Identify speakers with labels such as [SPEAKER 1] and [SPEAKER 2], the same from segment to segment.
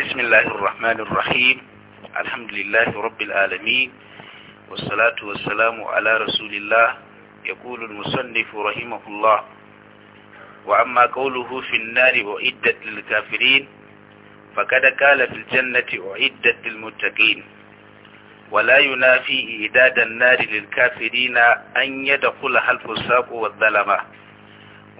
[SPEAKER 1] بسم الله الرحمن الرحيم الحمد لله رب العالمين والصلاة والسلام على رسول الله يقول المصنف رحمه الله وأما قوله في النار أعدت للكافرين فقد قال في الجنة أعدت للمتقين ولا ينافي إعداد النار للكافرين أن يدخلها الفساق والظلمة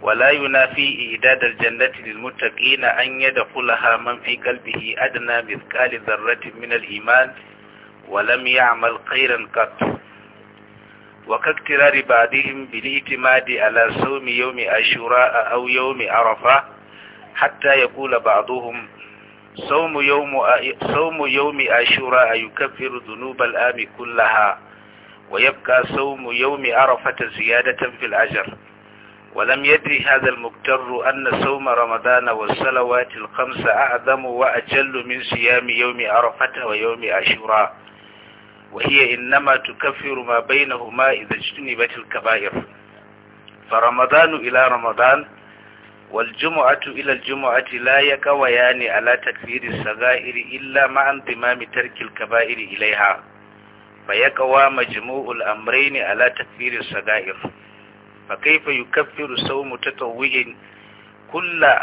[SPEAKER 1] ولا ينافي إيداد الجنة للمتقين أن يدخلها من في قلبه أدنى مثقال ذرة من الإيمان ولم يعمل خيرا قط وكاقترار بعضهم بالاعتماد على صوم يوم أشوراء أو يوم عرفة حتى يقول بعضهم صوم يوم صوم يوم أشوراء يكفر ذنوب العام كلها ويبقى صوم يوم عرفة زيادة في الأجر ولم يدري هذا المجتر أن صوم رمضان والصلوات الخمس أعظم وأجل من صيام يوم عرفة ويوم عاشوراء وهي إنما تكفر ما بينهما إذا اجتنبت الكبائر فرمضان إلى رمضان والجمعة إلى الجمعة لا يكويان على تكفير الصغائر إلا مع انضمام ترك الكبائر إليها فيكوى مجموع الأمرين على تكفير الصغائر فكيف يكفر صوم تطوع كل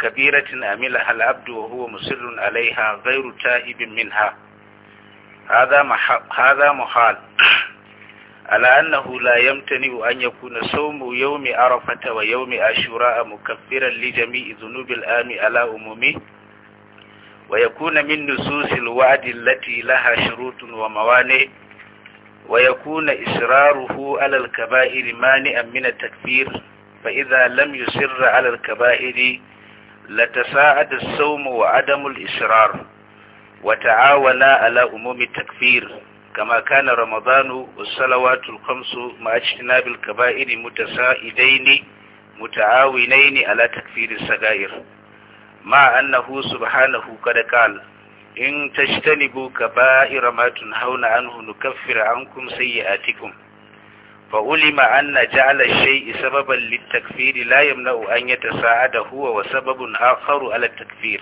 [SPEAKER 1] كبيرة عملها العبد وهو مصر عليها غير تائب منها هذا هذا محال على أنه لا يمتنع أن يكون صوم يوم عرفة ويوم عاشوراء مكفرا لجميع ذنوب الآم على أمومه ويكون من نصوص الوعد التي لها شروط وموانئ ويكون إصراره على الكبائر مانعا من التكبير فإذا لم يسر على الكبائر لتساعد الصوم وعدم الإصرار وتعاونا على أموم التكفير كما كان رمضان والصلوات الخمس مع اجتناب الكبائر متسائدين متعاونين على تكفير السجائر مع أنه سبحانه قد قال إن تجتنبوا كبائر ما تنهون عنه نكفر عنكم سيئاتكم فعلم أن جعل الشيء سببا للتكفير لا يمنع أن يتساعد هو وسبب آخر على التكفير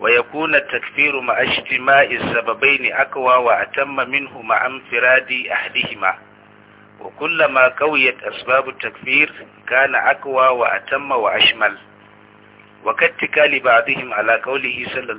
[SPEAKER 1] ويكون التكفير مع اجتماع السببين أقوى وأتم منه مع انفراد أحدهما وكلما قويت أسباب التكفير كان أقوى وأتم وأشمل وكاتكال بعضهم على قوله صلى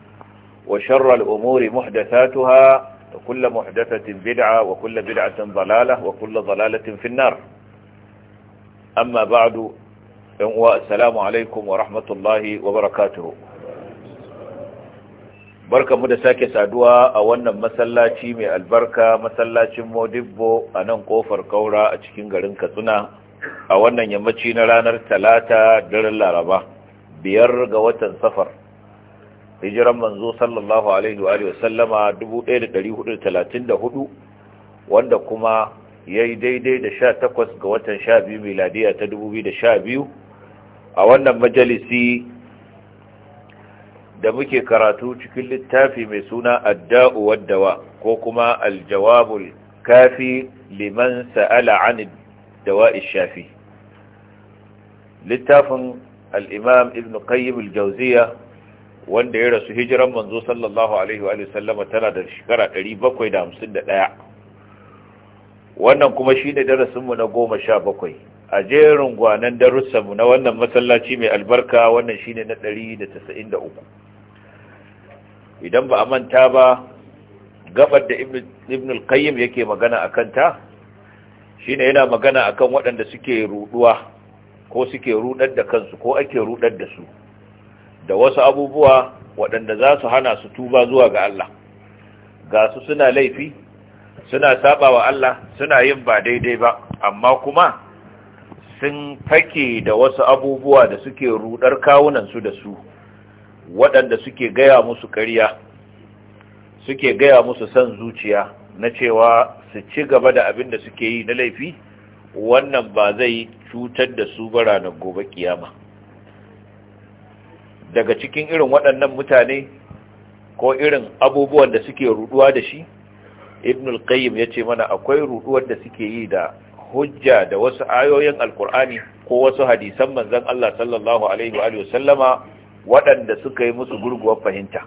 [SPEAKER 2] وشر الأمور محدثاتها وكل محدثة بدعة وكل بدعة ضلالة وكل ضلالة في النار أما بعد السلام عليكم ورحمة الله وبركاته barka mu da sake saduwa a wannan masallaci mai albarka masallacin modibbo a nan kofar kaura a cikin garin katsina a wannan yammaci na ranar talata daren laraba biyar ga watan safar hijiran manzo sallallahu alaihi wa sallama 1434 wanda kuma ya yi daidai da 18 ga watan 12 miladiya ta 2012 a wannan majalisi da muke karatu cikin littafi mai suna adda'u waddawa ko kuma aljawabul kafi liman sa'ala an dawa'i shafi littafin al-imam ibn qayyim al-jawziyya wanda ya rasu hijiran manzo sallallahu alaihi wa sallama tana da shekara 751 wannan kuma shi shine darasinmu na 17 a jerin gwanan mu na wannan masallaci mai albarka wannan shi ne na 193 idan ba a manta ba gabar da ibn al-qayyim yake magana akan shi ne yana magana akan waɗanda suke ruɗuwa, ko suke rudar da kansu ko ake ruɗar da su da wasu abubuwa waɗanda za su hana su tuba zuwa ga Allah ga su suna laifi suna saba wa Allah suna yin ba daidai ba amma kuma sun fake da wasu abubuwa da suke rudar kawunansu da su waɗanda suke gaya musu ƙarya suke gaya musu son zuciya na cewa su ci gaba da abin da suke yi na laifi wannan ba zai cutar da su ba ranar gobe kiyama daga cikin irin waɗannan mutane ko irin abubuwan da suke ruɗuwa da shi ibn al-qayyim yace mana akwai ruɗuwar da suke yi da hujja da wasu ayoyin alkur'ani ko wasu hadisan manzon Allah sallallahu alaihi wa sallama waɗanda suka yi musu gurguwar fahimta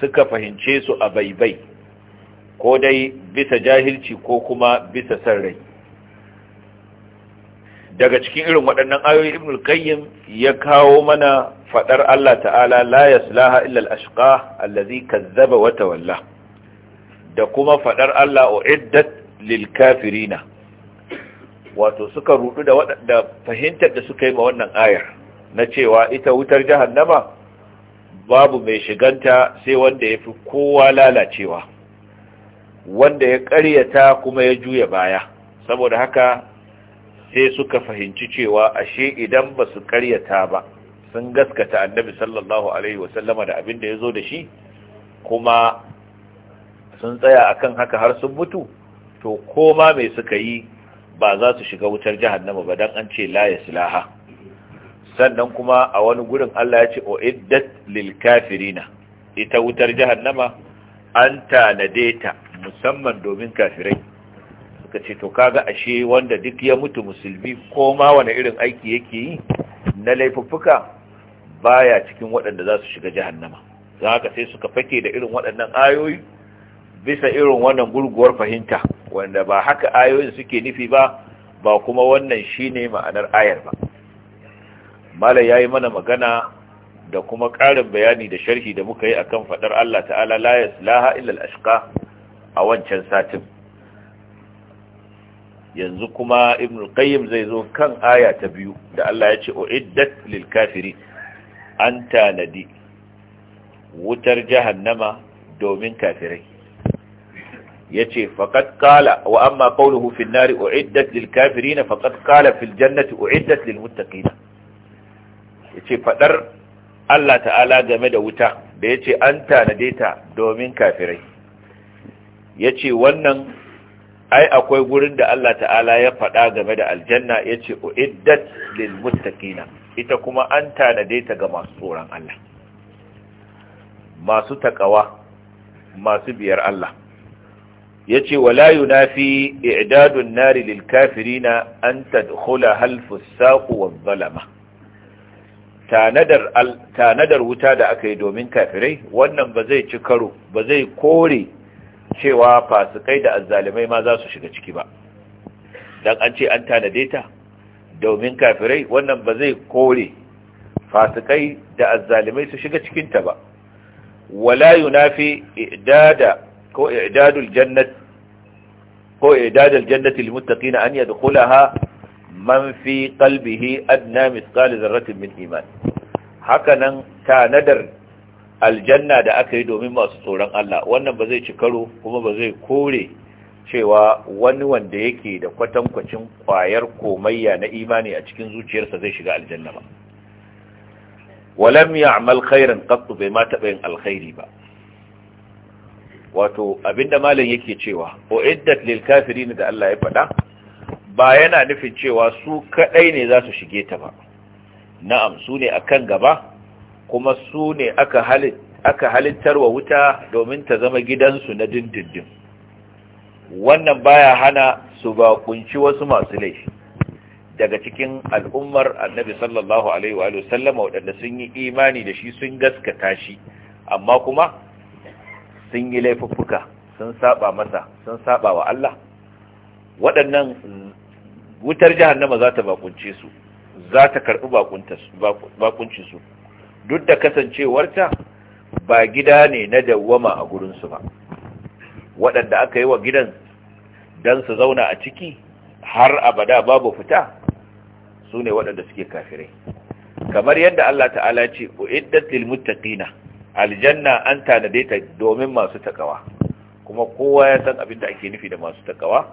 [SPEAKER 2] suka fahimce su a baibai ko dai bisa jahilci ko kuma bisa son rai daga cikin irin waɗannan ayoyi ibn al-qayyim ya kawo mana fadar Allah ta'ala la yaslaha illa al-ashqa allazi kazzaba wa tawalla da kuma fadar Allah uiddat lil kafirina wato suka rudu da waɗanda fahimtar da suka yi ma wannan ayar na cewa ita wutar jahannama babu mai shiganta sai wanda ya fi kowa lalacewa wanda ya ƙaryata kuma ya juya baya saboda haka sai suka fahimci cewa ashe idan ba su karyata ba sun gaskata annabi sallallahu alaihi wasallama da abin da ya zo da shi kuma sun tsaya akan haka har sun mutu to koma mai suka yi ba za su shiga wutar jahannama ba dan an ce la silaha. sannan kuma a wani gurin Allah ya ce O iddat lil kafirina ita wutar jahannama an tanade ta musamman domin kafirai suka ce to kaga ashe wanda duk ya mutu musulmi ko ma wani irin aiki yake yi na laifuffuka baya cikin waɗanda za su shiga jahannama za haka sai suka fake da irin waɗannan ayoyi bisa irin wannan gurguwar fahimta wanda ba haka ayoyin suke nufi ba ba kuma wannan shine ma'anar ayar ba mala yi mana magana da kuma ƙarin bayani da sharhi da muka yi akan faɗar Allah ta'ala la ilaha illa al a wancan satin yanzu kuma ibn qayyim zai zo kan aya ta biyu da Allah ya ce uiddat lil kafiri an tanadi wutar jahannama domin kafirai yace faqad qala wa amma qawluhu fi an-nar uiddat lil kafirin faqad qala fil jannati uiddat lil muttaqin yace fadar Allah ta'ala game da wuta da yace an tanade ta domin kafirai yace wannan ai akwai gurin da Allah ta'ala ya faɗa game da aljanna ya ce uiddat lil muttaqina ita kuma an tanade ta ga masu tsoron Allah masu takawa masu biyar Allah ya ce wala yunafi i'dadun nari lil kafirina an tadkhula hal fusaq wa zalama tanadar tanadar wuta da aka yi domin kafirai wannan ba zai ci karo ba zai kore cewa fasikai da azzalimai ma za su shiga ciki ba dan an ce an tanade ta domin kafirai wannan ba zai kore fasikai da azzalimai su shiga cikin ta ba wala yunafi idada ko i'dadul jannat ko i'dadul jannati lil muttaqina an yadkhulaha man fi qalbihi adna mithqal dharratin min iman hakanan tanadar aljanna da aka yi domin masu tsoron Allah wannan ba zai ci karo kuma ba zai kore cewa wani wanda yake da kwatankwacin kwayar komayya na imani a cikin zuciyarsa zai shiga aljanna ba walam ya'mal khairan qattu bai ma taɓa yin alkhairi ba wato abinda malam yake cewa iddat lil kafirin da Allah ya faɗa ba yana nufin cewa su kadai ne za su shige ta ba na'am su ne akan gaba kuma su ne aka halittar wa wuta domin ta zama gidansu na dindindin wannan baya hana su kunci wasu masu laifi daga cikin al'ummar annabi sallallahu alaihi wa sallama waɗanda sun yi imani da shi sun gaskata shi amma kuma sun yi laifuffuka sun saba masa sun saba wa Allah waɗannan wutar jahannama za ta bakunce su za ta karɓi bakuncinsu duk da kasancewarta ba gida ne na dawwama a gurinsu ba waɗanda aka yi wa gidan don su zauna a ciki har abada babu fita su ne waɗanda suke kafirai kamar yadda Allah ta'ala ce uiddat lil muttaqina aljanna an tanade ta domin masu takawa kuma kowa ya san abin da ake nufi da masu takawa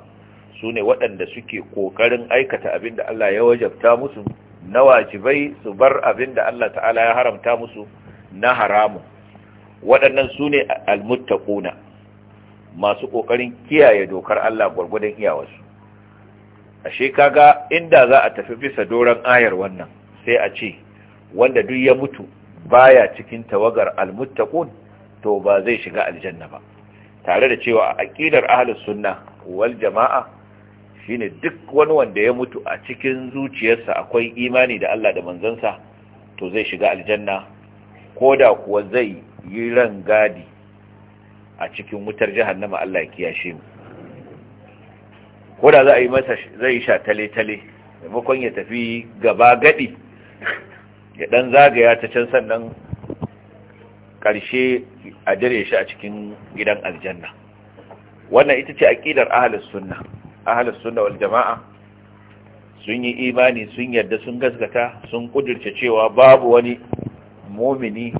[SPEAKER 2] su ne waɗanda suke ƙoƙarin aikata abin da Allah ya wajabta musu na wajibai su bar abin da Allah ta'ala ya haramta musu na haramu waɗannan su ne almuttaquna masu ƙoƙarin kiyaye dokar Allah gwargwadon iyawarsu ashe kaga inda za a tafi bisa doron ayar wannan sai a ce wanda duk ya mutu baya cikin tawagar almuttaqun to ba zai shiga aljanna ba tare da cewa a aqidar ahlus sunna wal jama'a shine duk wani wanda ya mutu a cikin zuciyarsa akwai imani da Allah da manzansa to zai shiga aljanna ko da kuwa zai yi ran gadi a cikin wutar jahannama Allah ya kiyashe mu ko da za a yi masa zai sha tale tale maimakon ya tafi gaba gadi ya dan zagaya ta can sannan karshe a dare shi a cikin gidan aljanna wannan ita ce aqidar ahlus sunnah ahlus sunna wal jama'a sun yi imani sun yarda sun gaskata sun kudirce cewa babu wani mumini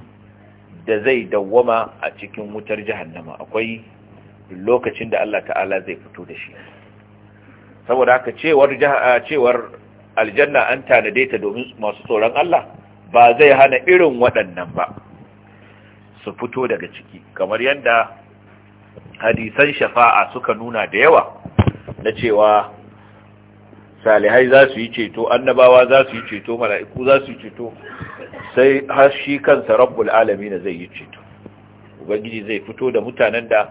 [SPEAKER 2] da zai dawwama a cikin wutar jahannama akwai lokacin da Allah ta'ala zai fito da shi saboda haka cewar cewar aljanna an tanade ta domin masu tsoron Allah ba zai hana irin waɗannan ba su fito daga ciki kamar yadda hadisan shafa'a suka nuna da yawa na cewa salihai za su yi ceto annabawa za su yi ceto mala'iku za su yi ceto sai har shi kansa rabbul na zai yi ceto ubangiji zai fito da mutanen da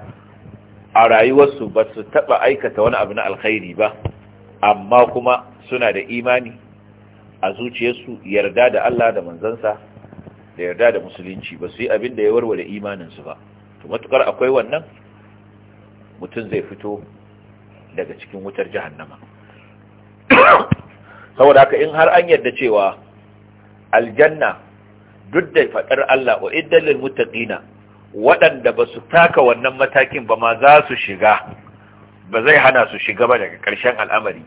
[SPEAKER 2] a rayuwarsu ba su taɓa aikata wani abu na alkhairi ba amma kuma suna da imani a zuciyarsu yarda da Allah da manzansa da yarda da musulunci ba su yi abin da ya warware imaninsu ba to matukar akwai wannan mutum zai fito daga cikin wutar jahannama saboda haka in har an yarda cewa aljanna duk da faɗar Allah wa iddalil muttaqina waɗanda ba su taka wannan matakin ba ma za su shiga ba zai hana su shiga ba daga ƙarshen al'amari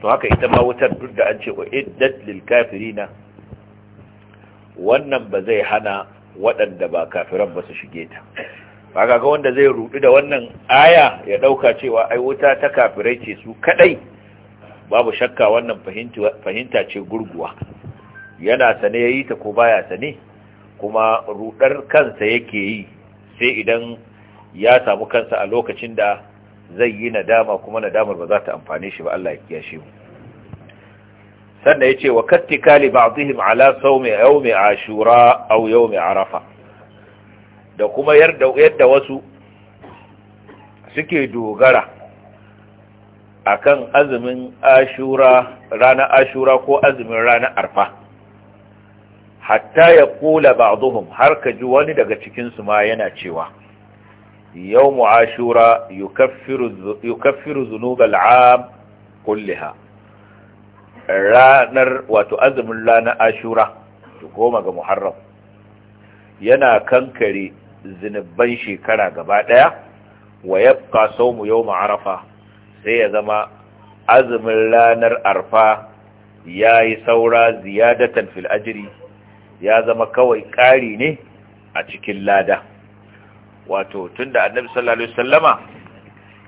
[SPEAKER 2] to haka ita ma wutar duk da an ce wa iddat kafirina wannan ba zai hana waɗanda ba kafiran ba su shige ta ba ga wanda zai rudu da wannan aya ya dauka cewa ai wuta ta kafirai ce su kadai babu shakka wannan fahimta ce gurguwa yana sane yayi ta ko baya sane kuma rudar kansa yake yi sai idan ya samu kansa a lokacin da zai yi nadama kuma nadamar ba za ta amfane shi ba Allah ya kiyashe mu sannan yace wa kattikali ba'dihim ala sawmi yawmi ashura aw yawmi arafa da kuma yadda wasu suke dogara akan azumin ashura ranar ashura ko azumin ranar arfa hatta ya kula ba'dhum har ka ji wani daga cikinsu ma yana cewa yawmu ashura yukaffiru yukaffiru 'am kullaha ranar wato azumin ranar ashura to goma ga muharram yana kankare zinubban shekara gaba ɗaya wa kaso mu yawm arafa sai ya zama azumin ranar arfa yayi saura ziyadatan fil ajri ya zama kawai ƙari ne a cikin lada wato tunda annabi sallallahu alaihi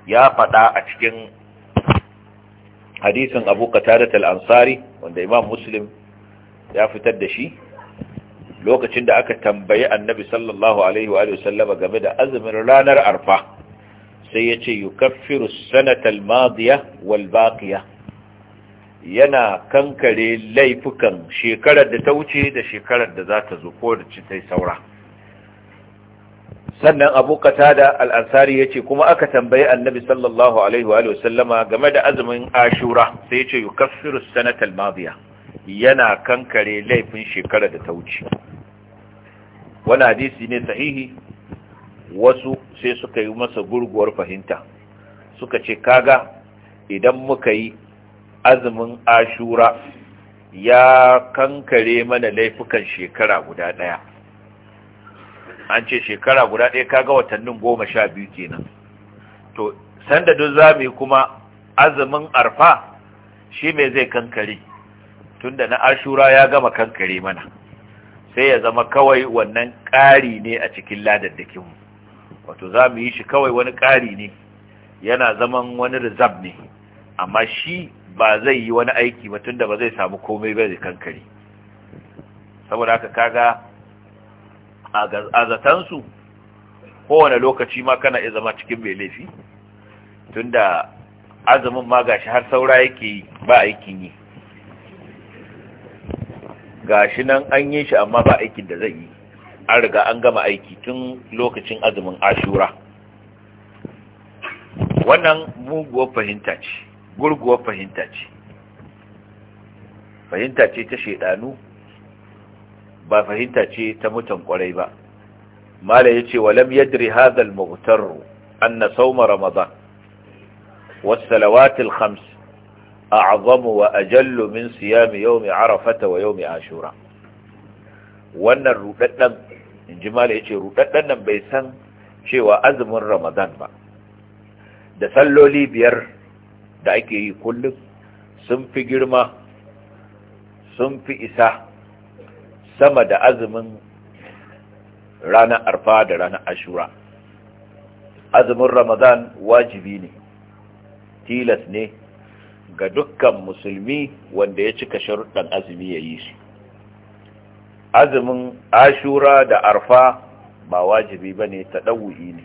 [SPEAKER 2] ya faɗa a cikin hadisin Abu Qatadah al-Ansari wanda Imam Muslim ya fitar da shi lokacin da aka tambayi annabi sallallahu alaihi wa sallama game da azumin ranar arfa sai ya ce yukaffiru sanata al-madiya wal yana kankare laifukan shekarar da ta wuce da shekarar da za ta zo ko da ci tai saura sannan abu da al-ansari yace kuma aka tambayi annabi sallallahu alaihi wa sallama game da azumin ashura sai ya ce yukaffiru sanata al-madiya yana kankare laifin shekarar da ta wuce wani hadisi ne sahihi wasu sai suka yi masa gurguwar fahimta suka ce kaga idan muka yi azumin ashura ya kankare mana laifukan shekara guda ɗaya an ce shekara guda ɗaya kaga watannin goma sha biyu kenan to sanda duk za mu yi kuma azumin arfa shi mai zai kankare tunda na ashura ya gama kankare mana sai ya zama kawai wannan ƙari ne a cikin ladaddakin wato za mu yi shi kawai wani ƙari ne yana zaman wani rizab ne amma shi ba zai yi wani aiki ba tunda ba zai samu komai ba zai kankare saboda haka kaga a su, kowane lokaci ma kana iya zama cikin mai laifi tunda azumin ma gashi har saura yake yi ba aikin yi Ga shi nan an yi shi amma ba aikin da zai yi an riga an gama aiki tun lokacin azumin ashura wannan muguwar fahimta ce gurguwar fahimta ce fahimta ce ta shaidanu ba fahimta ce ta mutan kwarai ba mala ya ce walam yadri hadha al-mughtar anna sawma ramadan was salawatil khams أعظم وأجل من صيام يوم عرفة ويوم عاشوراء wannan rudaddan in ji yace rudaddan nan bai san cewa azumin Ramadan ba da salloli biyar da ake yi kullum sun fi girma sun fi isa sama da azumin ranar arfa da ranar ashura azumin Ramadan wajibi ne tilas ne ga dukkan musulmi wanda ya cika sharuɗan azumi ya yi shi azumin ashura da arfa ba wajibi ba ne taɗawu'i ne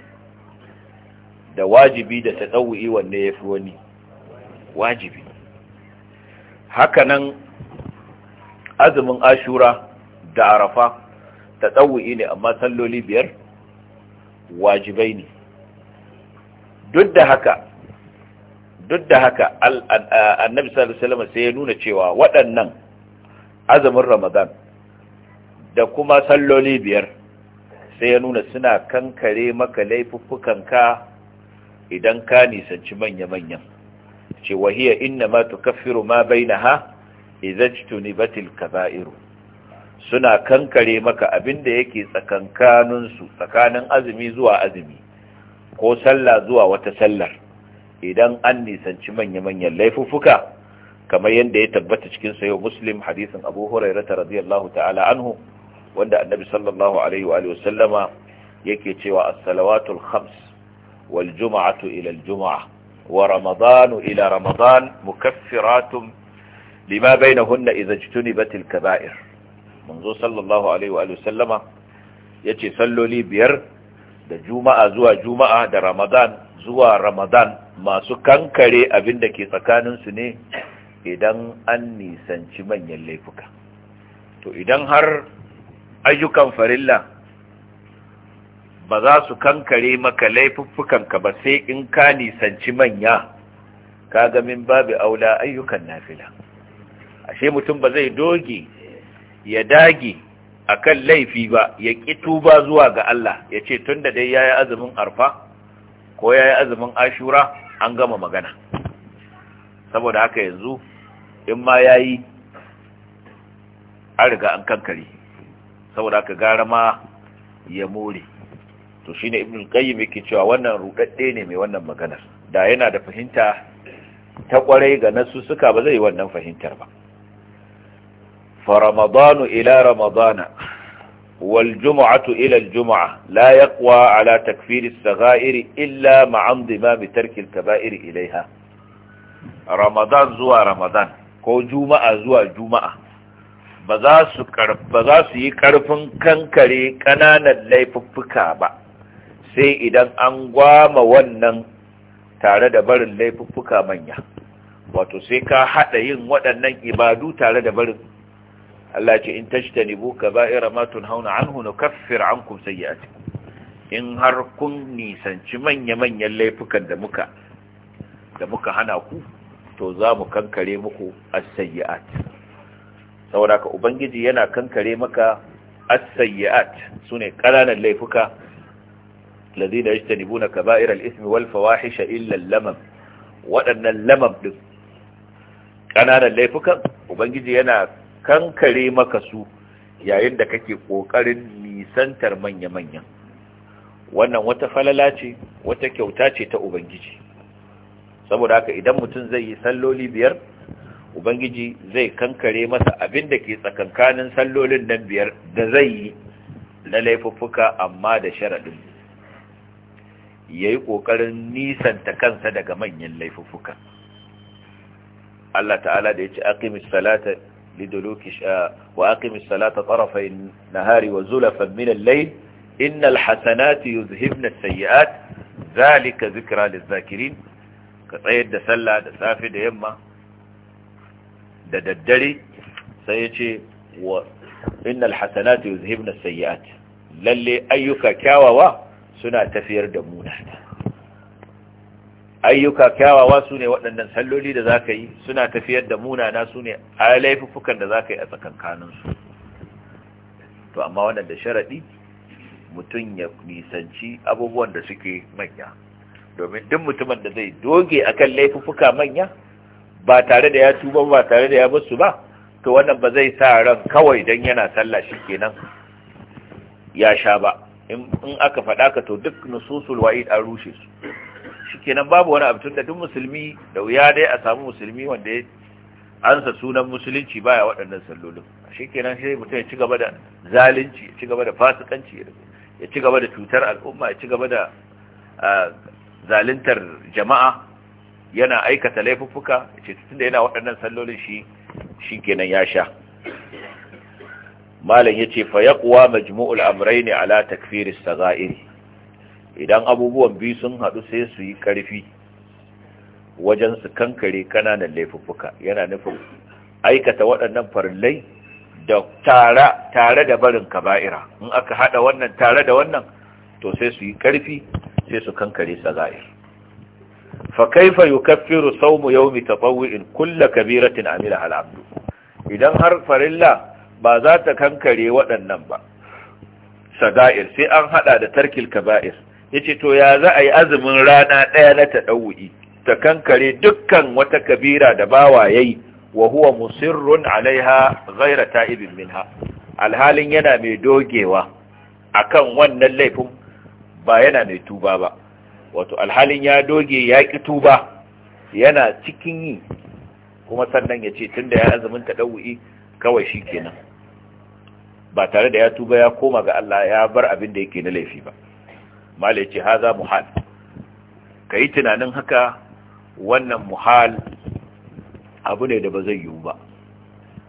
[SPEAKER 2] da wajibi da taɗawu'i wanda ya fi wani wajibi hakanan azumin ashura da arafa taɗawu'i ne amma salloli biyar wajibai ne duk da haka duk da haka annabi sallallahu alaihi wasallam sai ya nuna cewa waɗannan azumin ramadan da kuma salloli biyar sai ya nuna suna kankare maka laifuffukanka idan ka nisanci manya-manyan ce wahiya inna ma tukaffiru ma bainaha idza batil kaba'iru suna kankare maka abin da yake tsakankanin su tsakanin azumi zuwa azumi ko sallah zuwa wata sallar idan an nisanci manya-manyan laifuffuka kamar yadda ya tabbata cikin sayo muslim hadisin abu hurairata radiyallahu ta'ala anhu wanda annabi sallallahu alaihi wa sallama yake cewa as-salawatul khams wal jum'atu ila al jum'ah wa ramadanu ila ramadan mukaffiratun lima bainahunna idza ijtunibat al kaba'ir manzo sallallahu alaihi wa sallama yace salloli biyar da juma'a zuwa juma'a da ramadan zuwa ramadan masu kankare abin da ke tsakaninsu ne idan an nisanci manyan laifuka to idan har ayyukan farilla ba za su kankare maka laifuffukanka ba sai in ka nisanci manya ka min babu aula ayyukan nafila ashe mutum ba zai doge ya dage akan laifi ba ya ƙi tuba zuwa ga Allah ya ce tunda dai yayi azumin arfa ko ya yi azumin ashura an gama magana saboda haka yanzu in ma ya yi an an kankari saboda haka gara ma ya more to shi ne ibn qayyim yake cewa wannan rudadde ne mai wannan maganar da yana da fahimta ta kwarai ga nasu suka ba zai yi wannan fahimtar ba fa ramadanu ila ramadana والجمعة إلى الجمعة لا يقوى على تكفير الصغائر إلا مع انضمام ترك الكبائر إليها رمضان زوى رمضان كو جمعة زوى جمعة ba za su yi karfin kankare ƙananan laifuffuka ba sai idan an gwama wannan tare da barin laifuffuka manya wato sai ka haɗa yin waɗannan ibadu tare da barin Allah ce in tajtanibu kaba'ira ma tunhauna anhu nukaffir ankum sayyi'atikum in har kun nisanci manya-manyan laifukan da muka da muka hana ku to za mu kankare muku as-sayyi'at saboda ka ubangiji yana kankare maka as-sayyi'at sune kananan laifuka ladina yajtanibuna kaba'ira al-ithmi wal fawahisha illa al-lamam wadannan lamam din ƙananan laifukan ubangiji yana kankare maka su yayin da kake kokarin nisantar manya manya wannan wata falala ce wata kyauta ce ta ubangiji saboda haka idan mutum zai yi salloli biyar ubangiji zai kankare masa abin da ke tsakankanin sallolin nan biyar da zai yi na laifuffuka amma da sharaɗin ya yi ƙoƙarin nisanta kansa daga manyan laifuffuka Allah ta'ala da ya ce aqimis salata لدلوك وأقم الصلاة طرفي النهار وزلفا من الليل إن الحسنات يذهبن السيئات ذلك ذكرى للذاكرين كطيد سلة سافد يما دددري سيتي و إن الحسنات يذهبن السيئات للي أيك كاووا سنة تفير دمونا ayyuka kyawawa su ne waɗannan salloli da za ka yi suna tafiyar da munana su ne a laifuffukan da za ka yi a tsakankaninsu to amma wannan sharaɗi mutum ya nisanci abubuwan da suke manya domin duk mutumin da zai doge akan laifuffuka manya ba tare da ya tuba ba tare da ya basu ba to wannan ba zai sa ran kawai don yana sallah shi kenan ya sha ba in aka faɗa ka to duk nususul wa'id an rushe su shikenan babu wani abu tunda duk musulmi da wuya dai a samu musulmi wanda ya ansa sunan musulunci baya waɗannan sallolin shikenan sai mutum ya ci gaba da zalunci ya ci gaba da fasikanci ya ci gaba da cutar al'umma ya ci gaba da zaluntar jama'a yana aikata laifuffuka ce tunda yana waɗannan sallolin shi shikenan ya sha malam yace fa yaqwa majmu'ul ne ala takfiris sagairi idan abubuwan biyu sun haɗu sai su yi ƙarfi wajen su kankare kananan laifuffuka yana nufin aikata waɗannan farillai da tare tare da barin kaba'ira in aka haɗa wannan tare da wannan to sai su yi ƙarfi sai su kankare sagair fa kaifa yukaffiru sawmu yawmi tatawwu'in kull kabiratin amila al-abdu idan har farilla ba za ta kankare waɗannan ba sagair sai an haɗa da tarkil kaba'ir yace to ya za a yi azumin rana ɗaya na taɗau'i ta kankare dukkan wata kabira da bawa yayi wa huwa musirrun alaiha ghaira ta'ibin minha alhalin yana mai dogewa akan wannan laifin ba yana mai tuba ba wato alhalin ya doge ya ki tuba yana cikin yi kuma sannan ya ce tunda ya azumin taɗau'i kawai shi kenan ba tare da ya tuba ya koma ga Allah ya bar abin da yake na laifi ba mala yace haza muhal yi tunanin haka wannan muhal abu ne da ba zai yiwu ba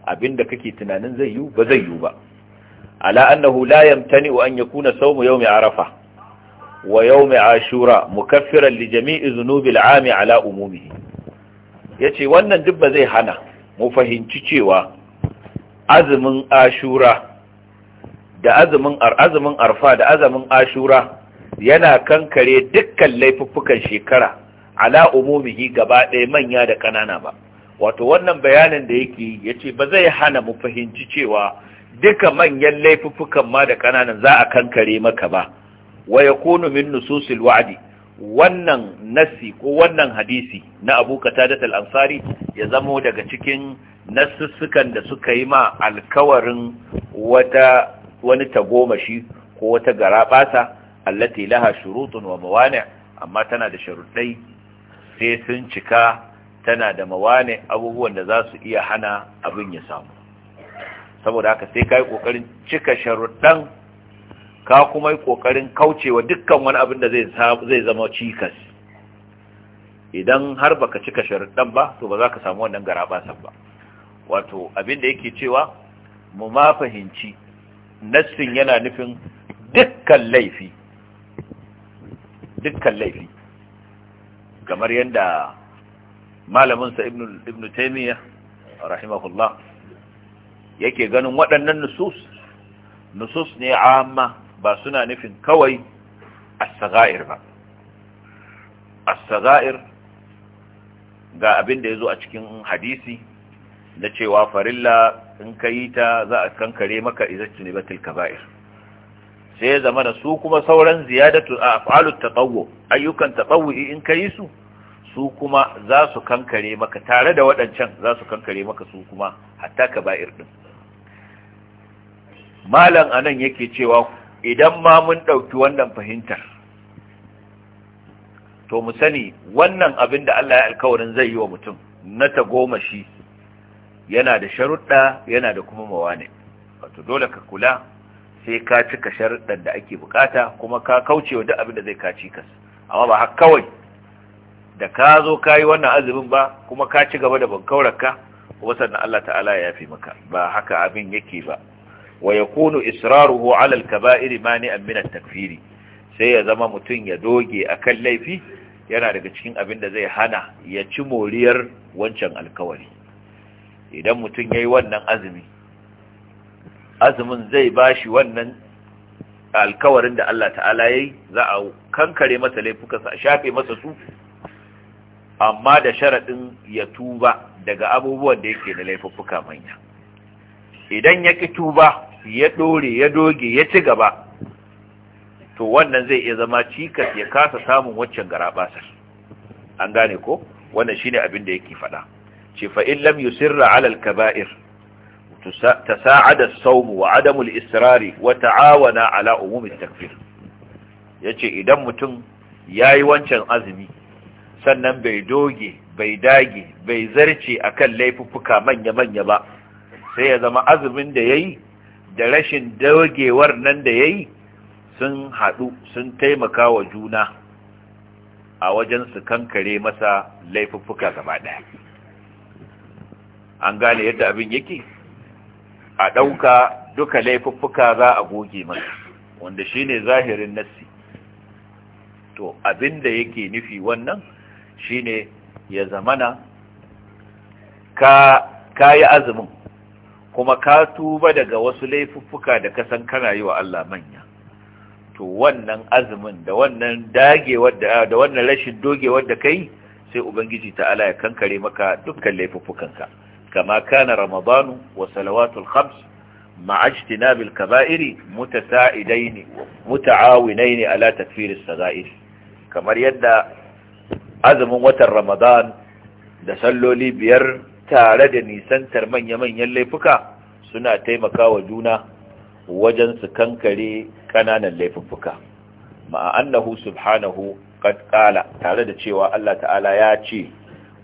[SPEAKER 2] abinda kake tunanin zai yiwu ba zai yiwu ba ala annahu la yamtani an yakuna sawmu yawmi arafa wa yawmi ashura mukaffiran li jami'i dhunubil 'ami ala umumihi yace wannan duk ba zai hana mu fahimci cewa azumin ashura da azumin arfa da azumin ashura yana kankare dukkan laifuffukan shekara ala umumihi gaba ɗaya manya da ƙanana ba wato wannan bayanin da yake ya ce ba zai hana mu fahimci cewa duka manyan laifuffukan ma da ƙananan za a kankare maka ba wa ya kunu min nususil wa'adi wannan nasi ko wannan hadisi na abu qatadat al-ansari ya zamo daga cikin nassukan da suka yi ma alkawarin wata wani tagomashi ko wata garaɓasa? allati laha shurutun wa mawani' amma tana da sharuɗai sai sun cika tana da mawani abubuwan da za su iya hana abin ya samu saboda haka sai ka yi ƙoƙarin cika sharuɗan ka kuma yi ƙoƙarin kaucewa dukkan wani abin da zai zama cikas idan har baka cika sharuɗan ba to ba za ka samu wannan garabasan ba wato abin da yake cewa mu ma fahimci nassin yana nufin dukkan laifi dukkan laifi kamar yadda malaminsa ibn taimiyya rahimahullah yake ganin waɗannan nusus nusus ne amma ba suna nufin kawai as ba as ga abin da yazo a cikin hadisi na cewa farilla in kayi ta za a kankare maka izatu ne batil kaba'ir sai ya zama da su kuma sauran ziyadatu a afalu taqawwu ayyukan taqawwi in ka yi su su kuma za su kankare maka tare da waɗancan za su kankare maka su kuma hatta ka ba'ir ɗin malam anan yake cewa idan ma mun ɗauki wannan fahimtar to mu sani wannan abin da Allah ya alkawarin zai yi wa mutum na ta goma shi yana da sharuɗa yana da kuma mawane wato dole ka kula sai ka cika sharɗar da ake bukata kuma ka kauce wa duk abin da zai kaci ka amma ba haka kawai da ka zo ka yi wannan azumin ba kuma ka ci gaba da bankaurarka kuma sannan Allah ta'ala ya fi maka ba haka abin yake ba wa yakunu israruhu ala al mani mani'an min at-takfiri sai ya zama mutum ya doge a kan laifi yana daga cikin abin da zai hana ya ci moriyar wancan alkawari idan mutum yayi wannan azumi azumin zai ba shi wannan alkawarin da Allah ta'ala ya yi za a kankare masa laifukansa a shafe masa su amma da sharaɗin ya tuba daga abubuwan da yake da laifuka manya idan ya ki tuba ya ɗore ya doge ya ci gaba to wannan zai iya zama cikas ya kasa samun waccan garabasar an gane ko wannan shine abin da yake faɗa ce fa in lam yusirra alal kaba'ir tasa'ada as-sawm wa adamul israri wata ta'awana ala umumit takfir yace idan mutum yayi wancan azumi sannan bai doge bai dage bai zarce akan laifuffuka manya manya ba sai ya zama azumin da yayi da rashin dogewar nan da yayi sun hadu sun taimaka wa juna a wajen su kankare masa laifuffuka gaba daya an gane yadda abin yake a ɗauka duka laifuffuka za a goge masa wanda shine zahirin nassi to abinda yake nufi wannan shine ya zamana ka yi azumin kuma ka tuba daga wasu laifuffuka da ka san kana yi wa Allah manya to wannan azumin da wannan dagewar da wannan rashin dogewar da kai sai ubangiji ta'ala ya kankare maka dukkan laifuffukanka كما كان رمضان وصلوات الخمس مع اجتناب الكبائر متساعدين متعاونين على تكفير السغائر كما يدى عزم وتى رمضان دسلو لي بير تاردني سنتر من يمن يلي فكا سنة تيمكا وجونا وجن سكنكري كنان اللي فكا مع أنه سبحانه قد قال تاردت شوى الله تعالى يا ياتي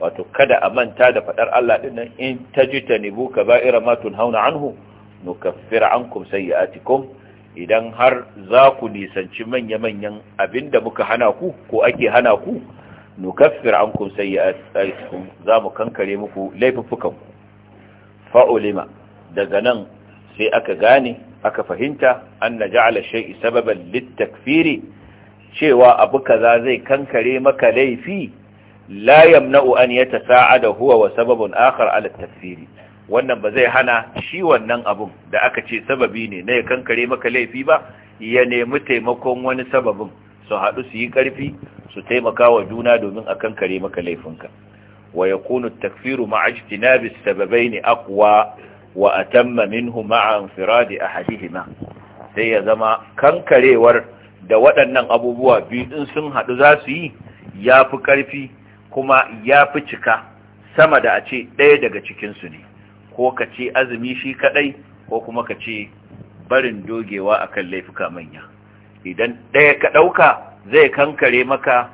[SPEAKER 2] wato kada a manta da fadar Allah din nan in tajtanibu kaba'ira matun hauna anhu nukaffir ankum sayyi'atikum idan har za ku nisanci manya-manyan abinda muka hana ku ko ake hana ku nukaffir ankum sayyi'atikum za mu kankare muku laifuffukan ku fa'ulima daga nan sai aka gane aka fahimta an na ja'ala shai'i sababan littakfiri cewa abu kaza zai kankare maka laifi la yamna'u an yatasa'ada huwa wa sababin akhar ala wannan ba zai hana shi wannan abun da aka ce sababi ne na ya kankare maka laifi ba ya nemi taimakon wani sababin su haɗu su yi ƙarfi su taimaka wa juna domin a kankare maka laifinka wa ya kunu takfiru ma'ajtinabis sababai ne akuwa wa a tamma minhu ma'an firadi a hadihima sai ya zama kankarewar da waɗannan abubuwa biyu sun haɗu za su yi ya fi ƙarfi kuma ya fi cika sama da a ce ɗaya daga cikinsu ne ko ka ce azumi shi kaɗai ko kuma ka ce barin dogewa akan laifuka manya idan ɗaya ka ɗauka zai kankare maka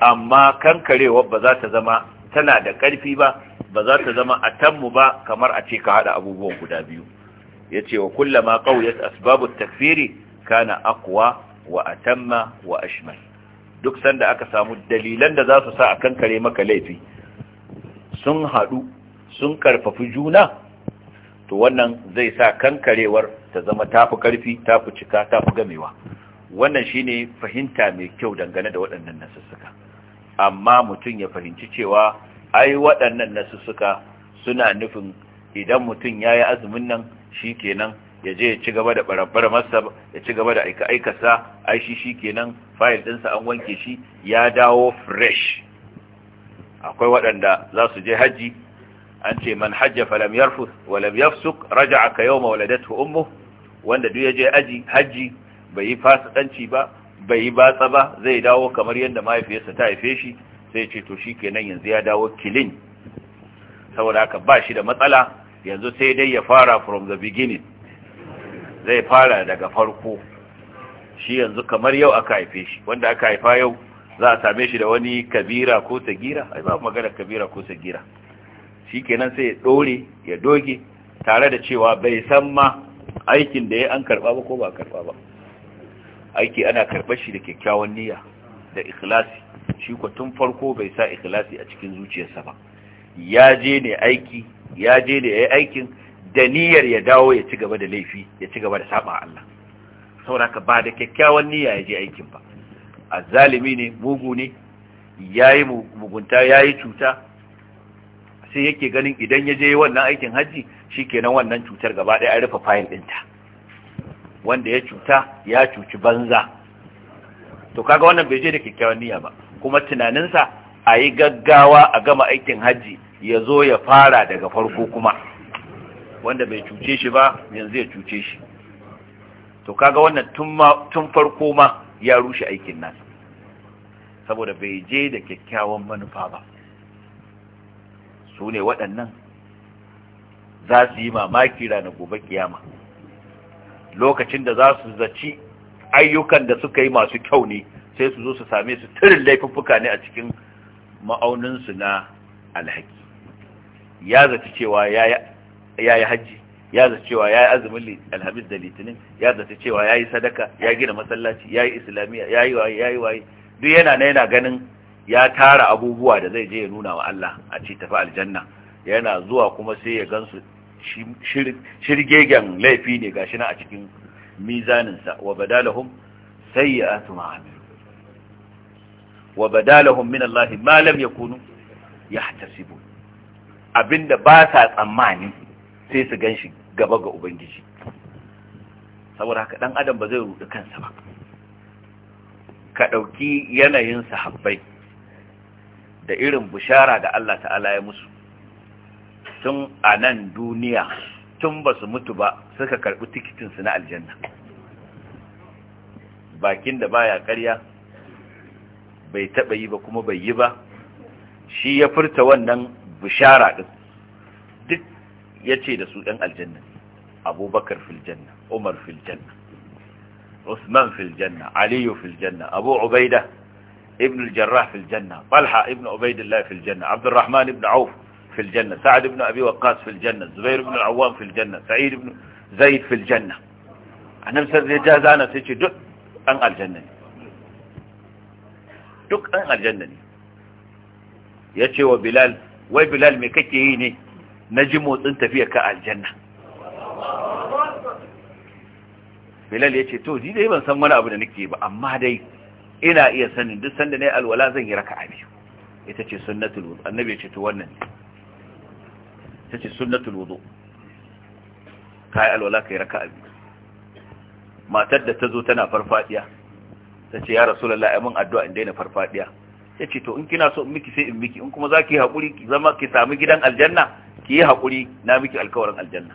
[SPEAKER 2] amma kankarewa ba za ta zama tana da ƙarfi ba ba za ta zama a tanmu ba kamar a ce ka haɗa abubuwan guda biyu ya ce wa kullama ƙauyas asbabu tafiri, kana akwa wa atamma wa ashmal duk sanda aka samu dalilan da za su sa a kankare maka laifi sun haɗu sun karfafi juna to wannan zai sa kankarewar ta zama tafi karfi tafi cika tafi gamewa wannan shine fahimta mai kyau dangane da waɗannan nasussuka amma mutum ya fahimci cewa ai waɗannan nasussuka suna nufin idan mutum ya yi azumin nan shi kenan ya je ya ci gaba da barabbar masa ya ci gaba da aika aikarsa ai shi kenan fayil ɗinsa an wanke shi ya dawo fresh akwai waɗanda za su je hajji an ce man hajja falam yarfus walam yafsuk raja'a ka yawma waladatu ummu wanda duk ya je aji haji bai yi fasikanci ba bai yi batsa ba zai dawo kamar yadda mahaifiyarsa ta haife shi sai ce to shi kenan yanzu ya dawo kilin saboda haka ba shi da matsala yanzu sai dai ya fara from the beginning zai fara daga farko shi yanzu kamar yau aka haife shi wanda aka haifa yau za a same shi da wani kabira ko sagira ai ba magana kabira ko sagira shikenan sai ya dore ya doge tare da cewa bai san ma aikin da ya an karba ba ko ba karba ba aiki ana karbar shi da kyakkyawan niyya da ikhlasi shi ko tun farko bai sa ikhlasi a cikin zuciyarsa ba ya je ne aiki ya je ne yayin aikin da niyyar ya dawo ya ci gaba da laifi ya ci gaba da saba Allah sauraka ba da kyakkyawan niyya ya je aikin ba azzalimi ne mugu ne yayi mugunta yayi cuta sai yake ganin idan ya je wannan aikin hajji haji kenan wannan cutar gaba ɗaya an rufe fayil ɗinta wanda ya cuta ya cuci banza to kaga wannan bai je da kyakkyawan niyya ba kuma tunaninsa a yi gaggawa a gama aikin hajji ya zo ya fara daga farko kuma wanda bai cuce shi ba yanzu ya cuce shi to kaga wannan tun farko ma ya rushe aikin nan. saboda bai je da kyakkyawan manufa ba su ne waɗannan za su yi mamaki rana gobe kiyama lokacin da za su zaci ayyukan da suka yi masu kyau ne sai su zo su same su turin laifuffuka ne a cikin ma'auninsu na alhaki ya zaci cewa ya ya yi hajji ya zata cewa ya yi azumin alhamis da litinin ya zata cewa ya yi sadaka ya gina masallaci ya yi islamiyya ya yi waye ya yi waye duk yana na yana ganin ya tara abubuwa da zai je ya nuna wa Allah a ci tafi aljanna yana zuwa kuma sai ya gansu shirgegen laifi ne gashi na a cikin mizaninsa wa badalahum sayyi'atu ma'amil wa badalahum min Allah ma lam yakunu yahtasibun abinda ba sa tsammani sai su gan shi gaba ga ubangiji saboda haka ɗan adam ba zai rudu kansa ba ka ɗauki yanayin sahabbai da irin bushara da Allah ta'ala ya musu tun a nan duniya tun ba su mutu ba suka karɓi tikitinsu na aljanna bakin da baya ƙarya bai taɓa yi ba kuma bai yi ba shi ya furta wannan bushara ɗin yace da su ɗan aljanna abubakar fil umar fil usman fil Aliyu ali fil janna abu ubaida ibn al-jarrah fil janna ibn ubaidillah fil janna abdurrahman ibn auf fil janna sa'd ibn abi waqqas fil janna zubair ibn al-awwam fil janna sa'id ibn zaid fil janna annabi sai ya zana sai ce duk an aljanna ne duk an aljanna ne yace wa bilal wai bilal me kake yi ne na ji motsin tafiya ka aljanna bilal ya ce to ji dai ban san wani abu da nake ba amma dai ina iya sanin duk sanda na yi alwala zan yi raka'a biyu ita ce sunnatul wudu annabi ya ce to wannan ne ita ce sunnatul wudu kai alwala kai raka'a biyu matar da ta zo tana farfadiya ta ce ya rasulullahi mun addu'a in daina farfadiya ya ce to in kina so in miki sai in miki in kuma zaki haƙuri ki zama ki samu gidan aljanna ki yi haƙuri na miki alkawarin aljanna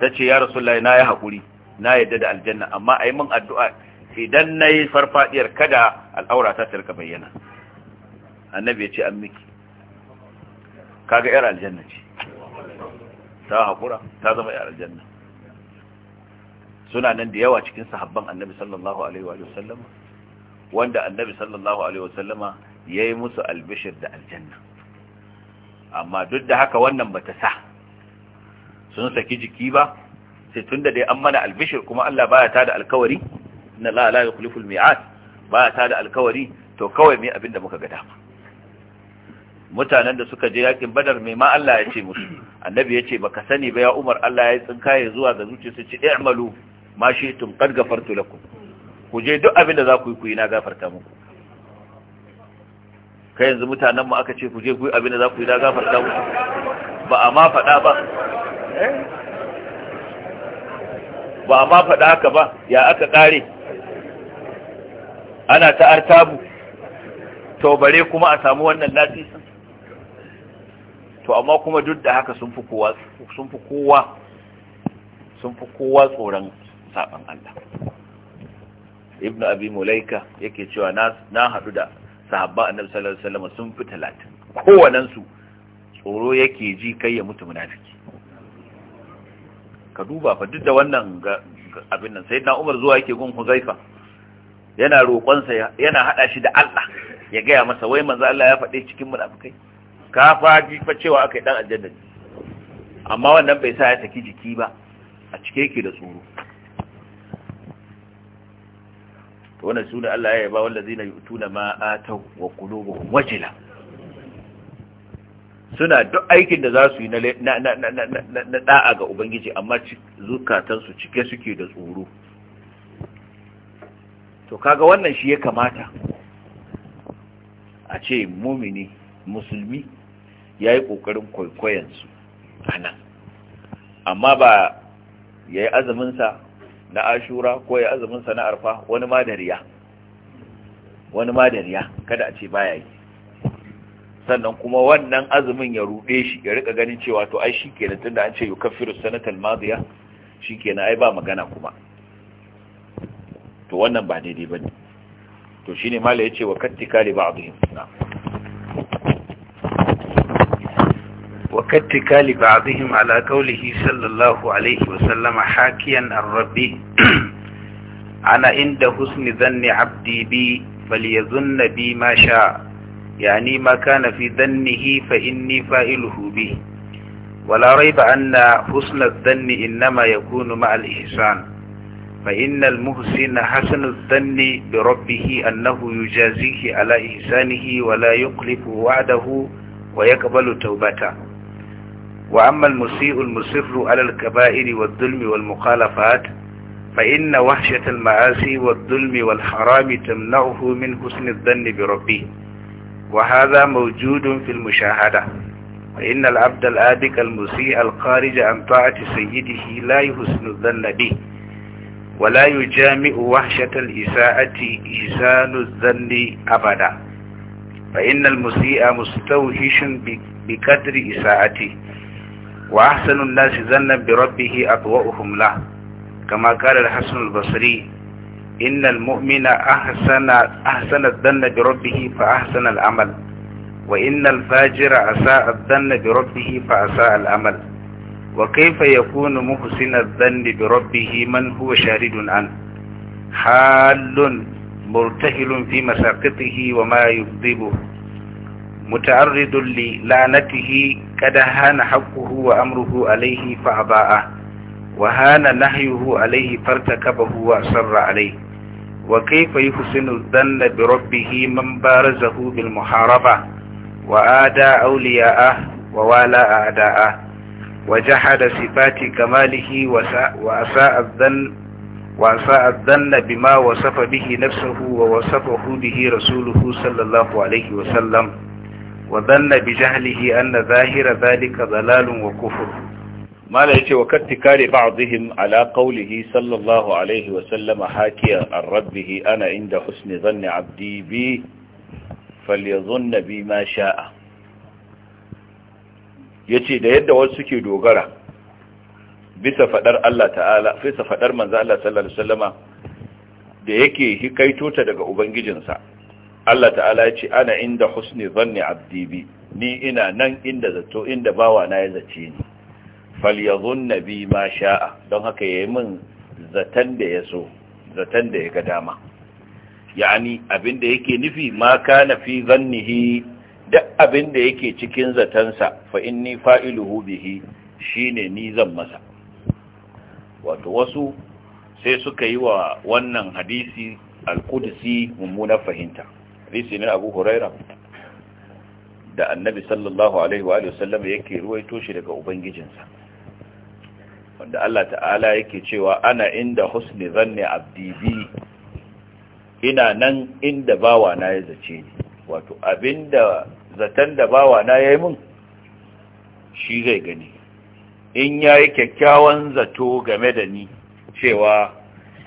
[SPEAKER 2] ta ce ya rasulullah na yi haƙuri na yadda da aljanna amma a yi min addu'a idan na yi farfaɗiyar kada al'aura ta tarka bayyana annabi ya ce an miki kaga yar aljanna ce ta haƙura ta zama yar aljanna suna nan da yawa cikin sahabban annabi sallallahu alaihi wa sallama wanda annabi sallallahu alaihi wa sallama ya yi musu albishir da aljanna amma duk da haka wannan ba ta sa sun saki jiki ba sai tun da dai an mana albishir kuma Allah baya ta da alkawari inna la la yukhliful mi'ad baya ta da alkawari to kawai me abin da muka ga dama mutanen da suka je yakin badar me ma Allah ya ce musu annabi ya ce baka sani ba ya Umar Allah ya tsinkaye zuwa ga su ci i'malu ma shi'tum qad ghafartu lakum ku je duk abin da za ku yi ku yi na gafarta muku kai yanzu mutanen mu aka ce ku je ku yi abin da za ku yi da da musu ba a ma faɗa ba ba a ma faɗa haka ba ya aka ƙare ana ta artabu to bare kuma a samu wannan lasisin to amma kuma duk da haka sun fi kowa sun fi kowa sun fi kowa tsoron saban Allah ibnu abi mulaika yake cewa na na hadu da sahabba annabi sallallahu alaihi wasallam sun fi talatin kowannen su tsoro yake ji kai ya mutu munafiki ka duba fa duk da wannan abin nan sayyidina Umar zuwa yake gun Huzaifa yana roƙonsa yana hada shi da Allah ya gaya masa wai manzo Allah ya faɗe cikin munafikai ka faɗi fa cewa akai dan aljanna amma wannan bai sa ya saki jiki ba a cike yake da tsoro to wannan sune Allah ya yaba wallazina yu'tuna ma atau wa qulubuhum wajila suna duk aikin da za su yi na da'a ga ubangiji amma zukatansu cike suke da tsoro to kaga wannan shi ya kamata a ce mumini musulmi yayi yi ƙoƙarin kwaikwayensu a amma ba yayi yi azuminsa na ashura ko ya azumin sa na arfa wani ma da riya wani ma da riya kada a ce baya yi sannan kuma wannan azumin ya rude shi ya rika ganin cewa to ai shikenan tunda an ce yukaffiru sanatal madiya shikenan ai ba magana kuma to wannan ba daidai bane to shine mala yace wa
[SPEAKER 1] kattika li ba'dihim na'am وكاتكال بعضهم على قوله صلى الله عليه وسلم حاكيا عن أنا عند حسن ظن عبدي بي فليظن بي ما شاء يعني ما كان في ظنه فإني فائله به ولا ريب أن حسن الظن إنما يكون مع الإحسان فإن المحسن حسن الظن بربه أنه يجازيه على إحسانه ولا يقلف وعده ويقبل توبته وأما المسيء المصر على الكبائر والظلم والمخالفات فإن وحشة المعاصي والظلم والحرام تمنعه من حسن الظن بربه وهذا موجود في المشاهدة فإن العبد الآبك المسيء الخارج عن طاعة سيده لا يحسن الظن به ولا يجامئ وحشة الإساءة إحسان الظن أبدا فإن المسيء مستوحش بقدر إساءته وأحسن الناس ظنا بربه أطوأهم له كما قال الحسن البصري إن المؤمن أحسن أحسن الظن بربه فأحسن العمل وإن الفاجر أساء الظن بربه فأساء العمل وكيف يكون محسن الظن بربه من هو شارد عنه حال مرتهل في مساقطه وما يكذبه متعرض للعنته قد هان حقه وأمره عليه فأباءه وهان نهيه عليه فارتكبه وأصر عليه وكيف يحسن الظن بربه من بارزه بالمحاربة وآدى أولياءه ووالى أعداءه وجحد صفات كماله وأساء الظن وأساء الظن بما وصف به نفسه ووصفه به رسوله صلى الله عليه وسلم وظن بجهله أن ظاهر ذلك ضلال وكفر ما لا يتي وكاتكار بعضهم على قوله صلى
[SPEAKER 2] الله عليه وسلم حاكيا عن ربه أنا عند حسن ظن عبدي بي فليظن بي ما شاء يتي ده يد والسكي دوغرة bisa fadar Allah ta'ala bisa الله صلى الله عليه وسلم ده يكي هكي توتا ده daga ubangijinsa Allah ta'ala ya ce ana inda husni zanni abdi bi ni ina nan inda zato inda bawa na ya zace ni falyadhunna bi ma sha'a don haka yayi min zatan da yaso zatan da ya dama yani da yake nufi ma kana fi zannihi duk da yake cikin zatansa fa inni fa'iluhu bihi shine ni zan masa wato wasu sai suka yi wa wannan hadisi al-qudsi mummunar fahimta hadisi ne abu huraira da annabi sallallahu alaihi wa sallam yake ruwaito shi daga ubangijinsa wanda Allah ta'ala yake cewa ana inda husni zanni abdi bi ina nan inda bawa na ya zace ni wato abinda zatan da bawa na yayi mun shi zai gani in yayi kyakkyawan zato game da ni cewa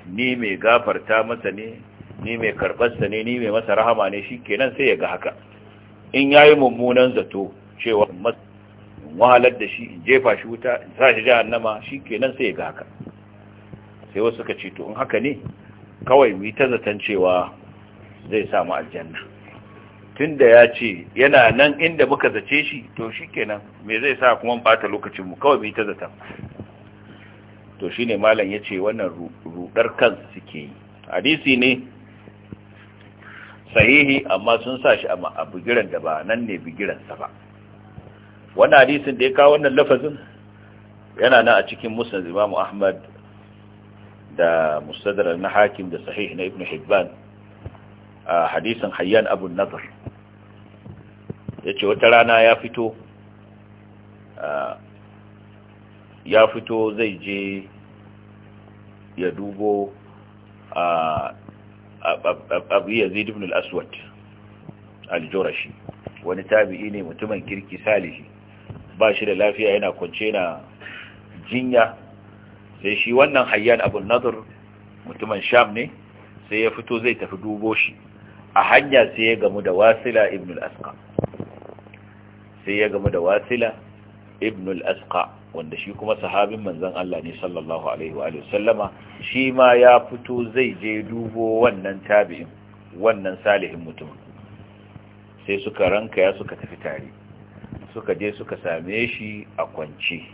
[SPEAKER 2] ni mai gafarta masa ne ni mai karbarsa ne ni mai masa rahama ne shi kenan sai ya ga haka in ya yi mummunan zato cewa wahalar da shi in jefa shi wuta in sa shi jahannama shi kenan sai ya ga haka sai wasu suka ce to in haka ne kawai mu ta zaton cewa zai samu aljanna tunda ya ce yana nan inda muka zace shi to shi kenan me zai sa kuma bata lokacinmu kawai mu ta zaton to shine malam ya ce wannan rudar kansu suke yi hadisi ne sahihi amma sun sa shi a bigiran da ba nan ne bigiransa ba wannan hadisin da ya kawo wannan lafazin yana nan a cikin musnad Imam Ahmad da mustadrak na Hakim da sahih na Ibn Hibban a hadisin Hayyan Abu Nadhr yace wata rana ya fito ya fito zai je ya dubo a abu yazid ibn al-aswad al-jurashi wani tabi'i ne mutumin kirki salihi ba shi da lafiya yana kwance na jinya sai shi wannan hayyan abun nazar mutumin sham ne sai ya fito zai tafi dubo shi a hanya sai ya gamu da wasila ibn al sai ya gamu da wasila ibn al wanda shi kuma sahabin manzon Allah ne sallallahu alaihi wa sallama shi ma ya fito zai je dubo wannan tabi'in wannan salihin mutum sai suka ranka ya suka tafi tare suka je suka same shi a kwance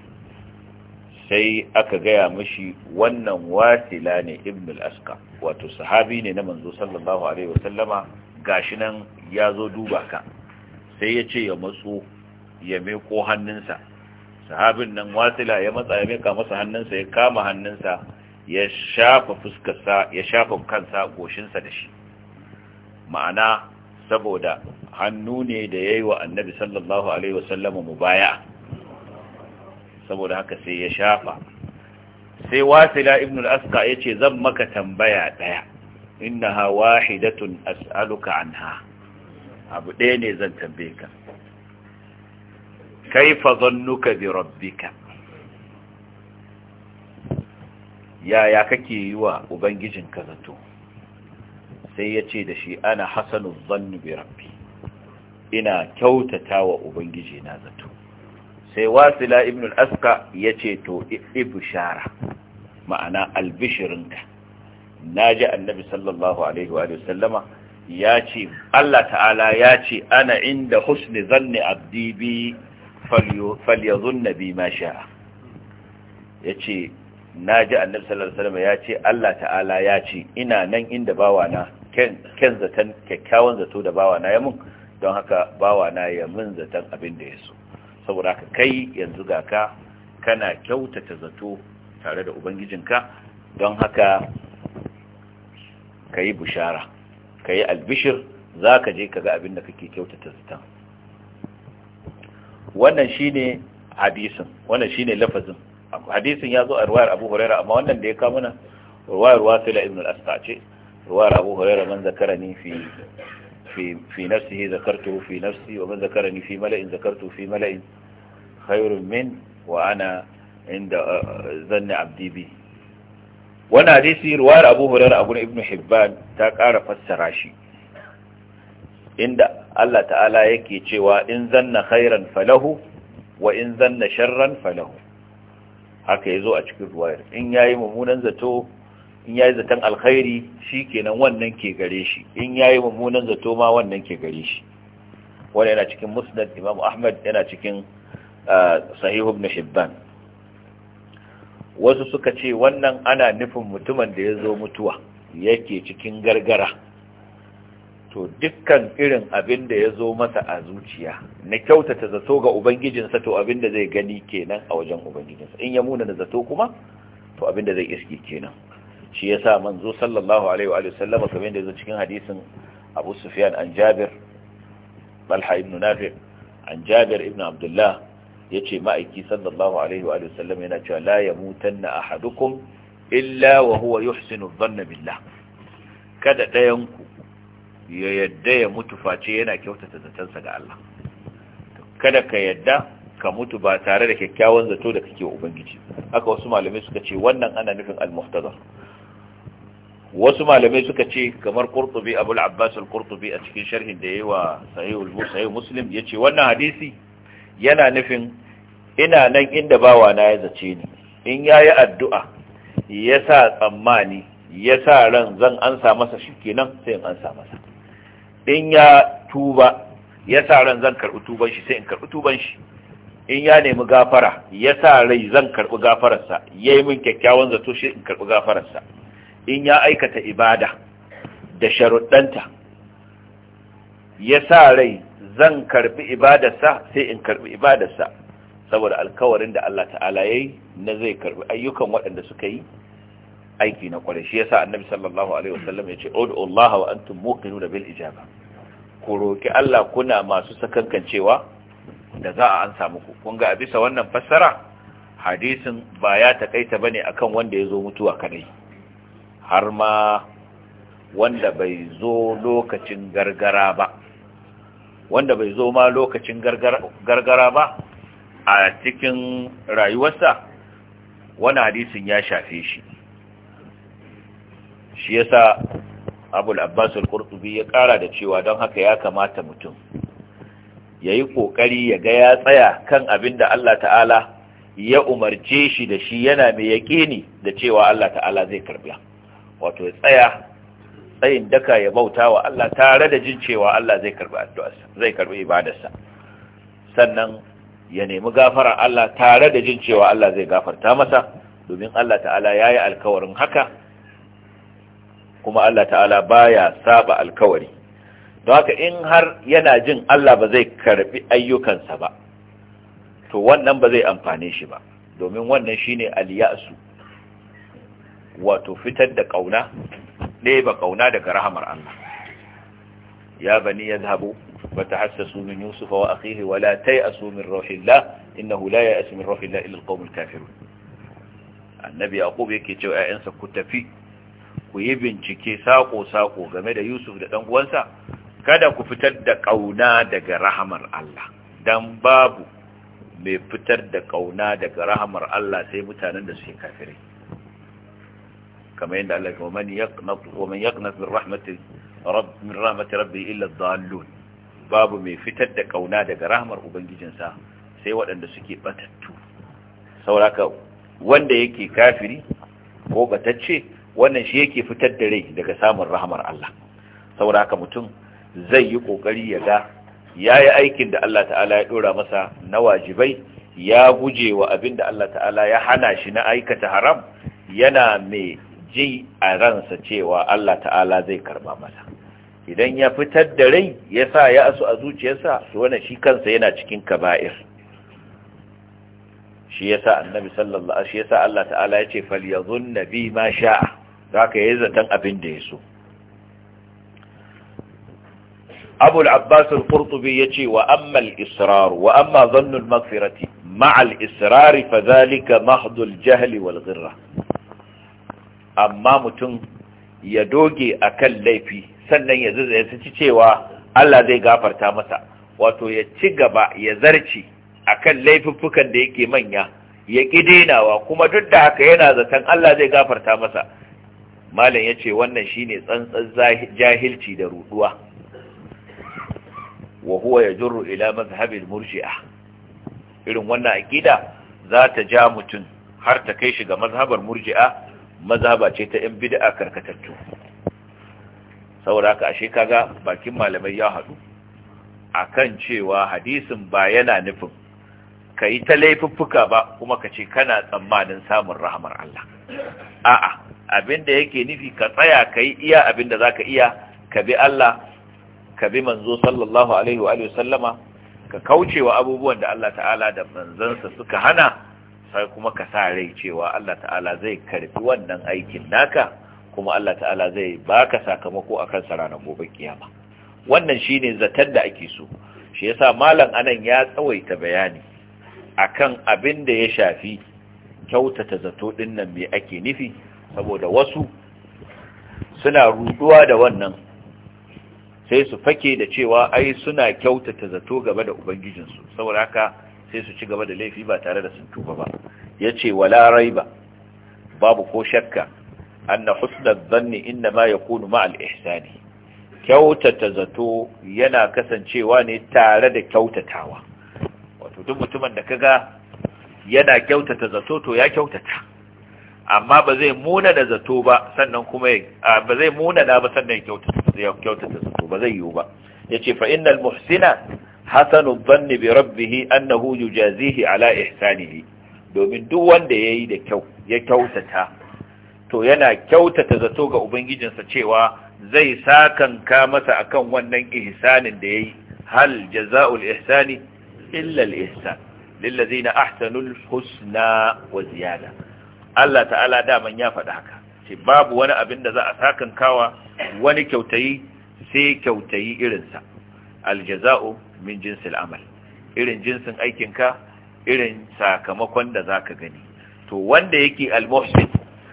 [SPEAKER 2] sai aka gaya mashi wannan wasila ne ibn al-aska wato sahabi ne na manzo sallallahu alaihi wa sallama gashi nan ya zo duba ka sai ya ce ya matso ya meko hannunsa sahabin nan wasila ya matsa ya mika masa hannunsa ya kama hannunsa ya shafa fuskarsa ya shafa kansa goshinsa da shi ma'ana saboda hannu ne da ya yi wa annabi sallallahu alaihi wasallama mubaya saboda haka sai ya shafa sai wasila ibn al-asqa ya ce zan maka tambaya ɗaya innaha wahidatun as'aluka anha abu ɗaya ne zan tambaye ka kaifa zannuka bi rabbika yaya kake yi wa ubangijinka zato sai ya ce da shi ana hasanu zannu bi rabbi ina kyautata wa ubangiji na zato sai wasila ibn al-asqa ya ce to ibshara ma'ana albishirinka naji annabi sallallahu alaihi wa sallama ya ce Allah ta'ala ya ce ana inda husni zanni abdi bi falyazunna bi ma sha'a yace naji annabi sallallahu alaihi wasallam yace Allah ta'ala ya ce ina nan inda bawana ken zaton kyakkyawan zato da bawana ya mun don haka bawana ya mun zaton abin da ya so saboda ka kai yanzu ga ka kana kyautata zato tare da ubangijinka don haka ka yi bushara ka yi albishir za ka je ka ga abin da kake kyautata zaton wannan shi ne hadisin wannan shi shine lafazin hadisin zo a ruwayar Abu Huraira amma wannan da ya kama mana ruwayar Wasila ibn al-Asqaci ruwayar Abu Huraira man zakarani ni fi nafsi nafsihi zakartu fi nafsi wa man ni fi mala'in zakartu fi mala'in khairun min wa ana inda eh, zanni abdi bi wannan hadisi ruwayar Abu Huraira abun ibn Hibban ta kara fassara shi inda Allah ta'ala yake cewa in zanna khairan falahu wa in zanna sharran falahu haka yazo a cikin ruwayar in yayi mummunan zato in yayi zaton alkhairi shikenan wannan ke gare shi in yayi mummunan zato ma wannan ke gare shi wannan yana cikin musnad Imam Ahmad yana cikin uh, sahih ibn Hibban wasu suka ce wannan ana nufin mutumin da yazo mutuwa yake cikin gargara to dukkan irin abin da ya zo masa a zuciya na kyautata zato ga ubangijinsa to abin da zai gani kenan a wajen ubangijinsa in ya muna da zato kuma to abin da zai iski kenan shi ya sa manzo sallallahu alaihi wa sallama kamar da ya zo cikin hadisin abu sufyan an jabir balha ibn nafi an jabir ibn abdullah ya ce ma'aiki sallallahu alaihi wa sallama yana cewa la yamutanna ahadukum illa wa huwa yuhsinu dhanna billah kada ɗayanku ya yadda ya mutu face yana kyautata zatansa ga Allah kada ka yadda ka mutu ba tare da kyakkyawan zato da kake wa ubangiji haka wasu malamai suka ce wannan ana nufin al-muhtadar wasu malamai suka ce kamar qurtubi abul abbas al-qurtubi a cikin sharhin da yayi wa sahihul muslim muslim yace wannan hadisi yana nufin ina nan inda bawa na ya zace ni in yayi addu'a yasa sa tsammani ya sa ran zan ansa masa kenan sai in ansa masa in ya tuba ya sa ran zan karɓi tuban shi sai in karɓi tuban shi in ya nemi gafara ya sa rai zan karɓi gafararsa ya yi min kyakkyawan zato shi in karɓi gafararsa in ya aikata ibada da sharuɗanta ya sa rai zan karɓi ibadarsa sai in karɓi ibadarsa saboda alkawarin da Allah ta'ala ya yi na zai karɓi ayyukan waɗanda suka yi aiki na kwarai shi yasa annabi sallallahu alaihi wasallam ya ce Allah wa antum muqinuna bil ijaba ku roki Allah kuna masu sakankancewa da za a ansa muku kun ga a bisa wannan fassara hadisin ba ya takaita bane akan wanda ya zo mutuwa kadai har ma wanda bai zo lokacin gargara ba wanda bai zo ma lokacin gargara ba a cikin rayuwarsa wani hadisin ya shafe shi shi yasa abul abbas al-qurtubi ya kara da cewa don haka ya kamata mutum yayi ƙoƙari ya ga ya tsaya kan abin da Allah ta'ala ya umarce shi da shi yana mai yaqini da cewa Allah ta'ala zai karbiya wato ya tsaya tsayin daka ya bauta wa Allah tare da jin cewa Allah zai karbi addu'arsa zai ibadarsa sannan ya nemi gafara Allah tare da jin cewa Allah zai gafarta masa domin Allah ta'ala yayi alkawarin haka kuma Allah ta'ala baya saba alkawari don haka in har yana jin Allah ba zai karbi ayyukansa ba to wannan ba zai amfane shi ba domin wannan shine aliyasu wato fitar da kauna ba kauna daga rahamar Allah ya bani yadhhabu fatahassasu min yusufa wa akhihi wa la tayasu min rauhillah innahu la ya'asu min rauhillah illa alqawmul kafirun annabi yaqub yake cewa 'ya'yansa ku tafi ku yi bincike sako-sako game da Yusuf da ɗan uwansa kada ku fitar da ƙauna daga rahamar Allah dan babu mai fitar da ƙauna daga rahamar Allah sai mutanen da suke kafirai kamar yadda Allah ya man yaqnatu wa man yaqnat min rahmati rabb min rahmati rabbi illa dhallun babu mai fitar da ƙauna daga rahamar ubangijinsa sai waɗanda suke batattu sauraka wanda yake kafiri ko batacce wannan shi yake fitar da rai daga samun rahamar Allah saboda haka mutum zai yi kokari ya ga yi aikin da Allah ta'ala ya dora masa na wajibai ya guje wa abin da Allah ta'ala ya hana shi na aikata haram yana mai ji a ransa cewa Allah ta'ala zai karba masa idan ya fitar da rai ya sa ya asu a zuciyarsa to wannan shi kansa yana cikin kaba'ir shi yasa annabi sallallahu alaihi wasallam Allah ta'ala ya ce falyadhun nabi ma sha'a za ka yi zaton abin da ya so abu al'abbas al ya ce wa amma al wa amma zannun magfirati ma'al israri fa zalika mahdul jahli wal zirra amma mutum ya doge a kan laifi sannan ya zaci cewa Allah zai gafarta masa wato ya ci gaba ya zarci a kan laifuffukan da yake manya ya ƙi dainawa kuma duk da haka yana zaton Allah zai gafarta masa malam ya ce wannan shine tsantsan jahilci da ruduwa wa huwa yajurru ila mazhabin murji'a irin wannan akida za ta ja mutum har ta kai shi ga mazhabar murji'a mazhaba ce ta yan bid'a karkatattu saboda ka ashe kaga bakin malamai ya hadu akan cewa hadisin ba yana nufin ka yi ta laifuffuka ba kuma ka ce kana tsammanin samun rahamar Allah a'a abinda yake nufi ka tsaya ka yi iya abinda za ka iya ka bi Allah ka bi manzo sallallahu alaihi wa sallama ka kauce wa abubuwan da Allah ta'ala da manzansa suka hana sai kuma ka sa rai cewa Allah ta'ala zai karfi wannan aikin naka kuma Allah ta'ala zai baka sakamako a kansa ranar gobe kiyama wannan shine zatar da ake so shi yasa malam anan ya tsawaita bayani akan abin da ya shafi kyautata zato dinnan me ake nufi saboda wasu suna ruduwa da wannan sai su fake da cewa ai suna kyautata zato gaba da ubangijinsu saboda haka sai su ci gaba da laifi ba tare da sun tuba ba yace wala raiba babu ko shakka anna husnal dhanni inna ma yakunu ma'al ihsani kyautata zato yana kasancewa ne tare da kyautatawa wato duk mutumin da kaga yana kyautata zato to ya kyautata amma ba zai muna da zato ba sannan kuma ba zai muna da ba sannan ya kyautata zato ba zai yiwu ba ce fa innal muhsina hasanu dhanni bi rabbih annahu yujazihi ala ihsanihi domin duk wanda yayi da kyau ya kyautata to yana kyautata zato ga ubangijinsa cewa zai ka masa akan wannan ihsanin da yayi hal jazaa'ul ihsani illa al ihsan lil ahsanul husna wa ziyada Allah ta'ala daman ya faɗa haka ce babu wani abin da za a sakan kawa wani kyautayi sai kyautayi irinsa aljaza'u min jinsil amal irin jinsin aikinka irin sakamakon da za ka gani to wanda yake almuhsin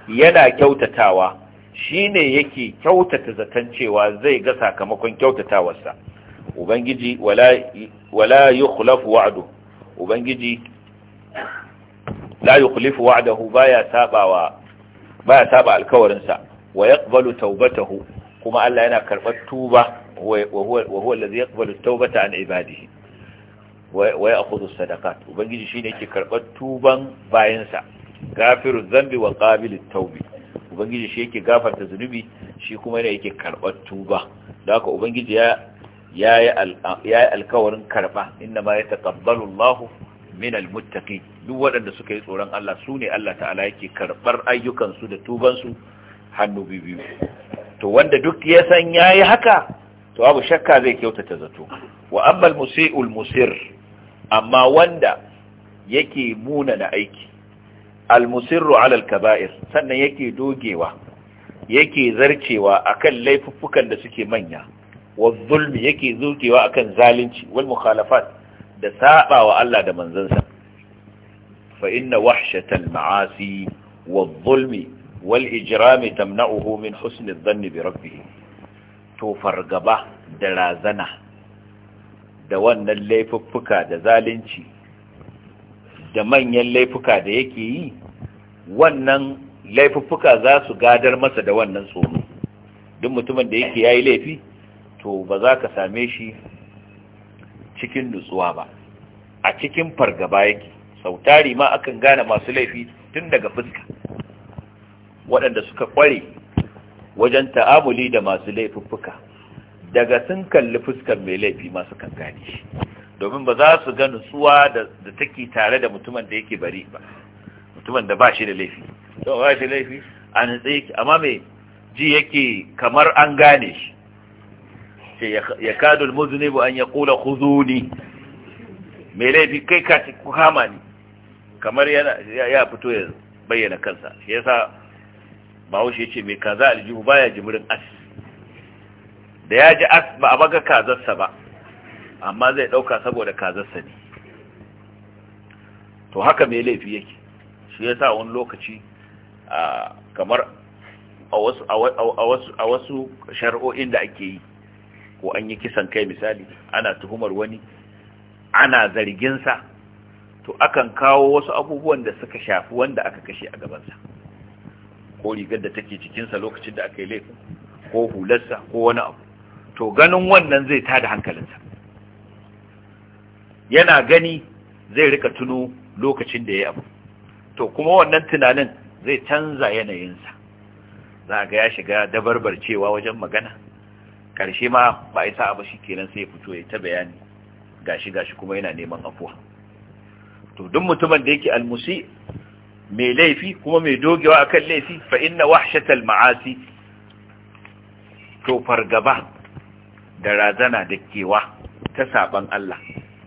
[SPEAKER 2] yana kyautatawa shine yake kyautata zaton cewa zai ga sakamakon kyautatawarsa ubangiji wala wala yukhlafu wa'du ubangiji la yukhlifu wa'dahu baya sabawa baya saba alkawarinsa wa yaqbalu tawbatahu kuma Allah yana karɓar tuba wa huwa allazi yaqbalu tawbata an ibadihi wa ya'khudhu sadaqat ubangiji shi ne ke karɓar tuban bayansa gafiru dhanbi wa qabilu tawbi ubangiji shi yake gafarta zunubi shi kuma ne yake karɓar tuba da haka ubangiji ya yi alkawarin karɓa inna ma yataqabbalu Allahu minal muttaqi duk waɗanda suka yi tsoron Allah su ne Allah ta'ala yake karɓar ayyukansu da tubansu hannu biyu to wanda duk ya san yayi haka to abu shakka zai kyautata zato wa ammal musii'ul musir amma wanda yake muna na aiki al musirru ala al kaba'ir sannan yake dogewa yake zarcewa akan laifuffukan da suke manya wa zulmi yake zukewa akan zalunci wal mukhalafat da saɓa wa Allah da manzansa fa inna wahshatal ma'asi wa dhulmi wal ijirami tamna'uhu min husni adh-dhanni bi to fargaba da razana da wannan laifuffuka da zalunci da manyan laifuka da yake yi wannan laifuffuka za su gadar masa da wannan tsoro duk mutumin da yake yayi laifi to ba za ka same shi cikin nutsuwa ba a cikin fargaba yake sautari ma akan gane masu laifi tun daga fuska waɗanda suka kware wajen ta'amuli da masu laifuffuka daga sun kalli fuskar mai laifi masu kan gane shi domin ba za su ga nutsuwa da take tare da mutumin da yake bari ba mutumin da ba shi da laifi don ba shi laifi a nutse amma mai ji yake kamar an gane shi ce ya kadul muzunibu an ya kula khuzuni mai laifi kai ka ci hama ni kamar ya fito ya bayyana kansa shi yasa bahaushe ce mai kaza aljihu ba baya jimirin as da ya ji as ba a baga kazarsa ba amma zai dauka saboda kazarsa ne to haka mai laifi yake shi yasa wani lokaci kamar a wasu shari'o'in da ake yi ko an yi kisan kai misali ana tuhumar wani ana zarginsa to akan kawo wasu abubuwan da suka shafi wanda aka kashe a gabansa ko rigar da take cikinsa lokacin da aka yi laifin ko hularsa ko wani abu to ganin wannan zai tada hankalinsa yana gani zai rika tuno lokacin da ya abu to kuma wannan tunanin zai canza yanayinsa za ga ya shiga dabarbarcewa wajen magana karshe ma ba isa sa'a ba shi kenan sai ya fito ya ta bayani gashi gashi kuma yana neman afuwa to duk mutumin da yake almusi mai laifi kuma mai dogewa akan laifi fa inna wahshatal ma'asi to fargaba da razana da kewa ta saban Allah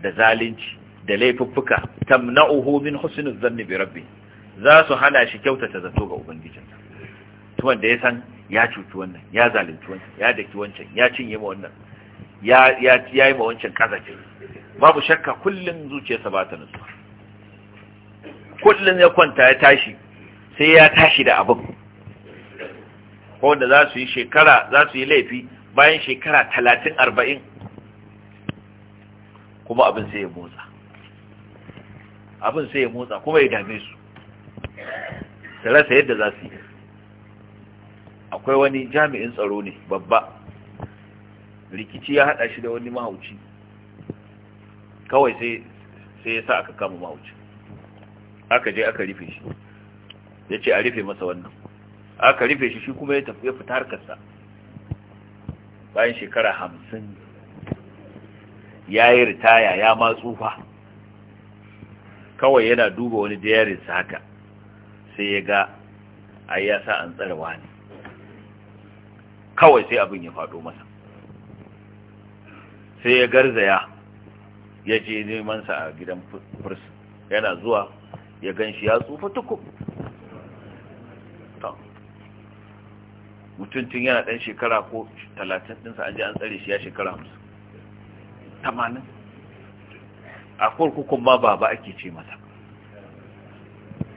[SPEAKER 2] da zalunci da laifuffuka tamna'uhu min husnul zanni bi rabbi za su hana shi kyautata zato ga ubangijinsa to wanda ya san ya cuci wannan ya zalunci wancan ya daki wancan ya cinye ma wannan ya ya yi ma wancan kazafi babu shakka kullun zuciyarsa ba ta nutsuwa kullun ya kwanta ya tashi sai ya tashi da abin ko da za su yi shekara za su yi laifi bayan shekara talatin arba'in kuma abin sai ya motsa abin sai ya motsa kuma ya dame su sarasa rasa yadda za su yi akwai wani jami'in tsaro ne babba rikici ya hada shi da wani mahauci kawai sai ya sa aka kama mahauci aka je aka rufe shi ya ce a rufe masa wannan aka rufe shi shi kuma ya tafi ya fita harkarsa bayan shekara hamsin ya yi ritaya ya ma tsufa kawai yana duba wani jayarinsa haka sai ya ga ayyasa an tsarwa ne. kawai sai abin ya faɗo masa sai ya garzaya ya je neman sa a gidan furs yana zuwa ya gan shi ya tsufa tukub mutuntun yana ɗan shekara ko talatin ɗinsa an ji an tsare shi ya shekara hamsin tamanin a kurkukun ma baba ake ce masa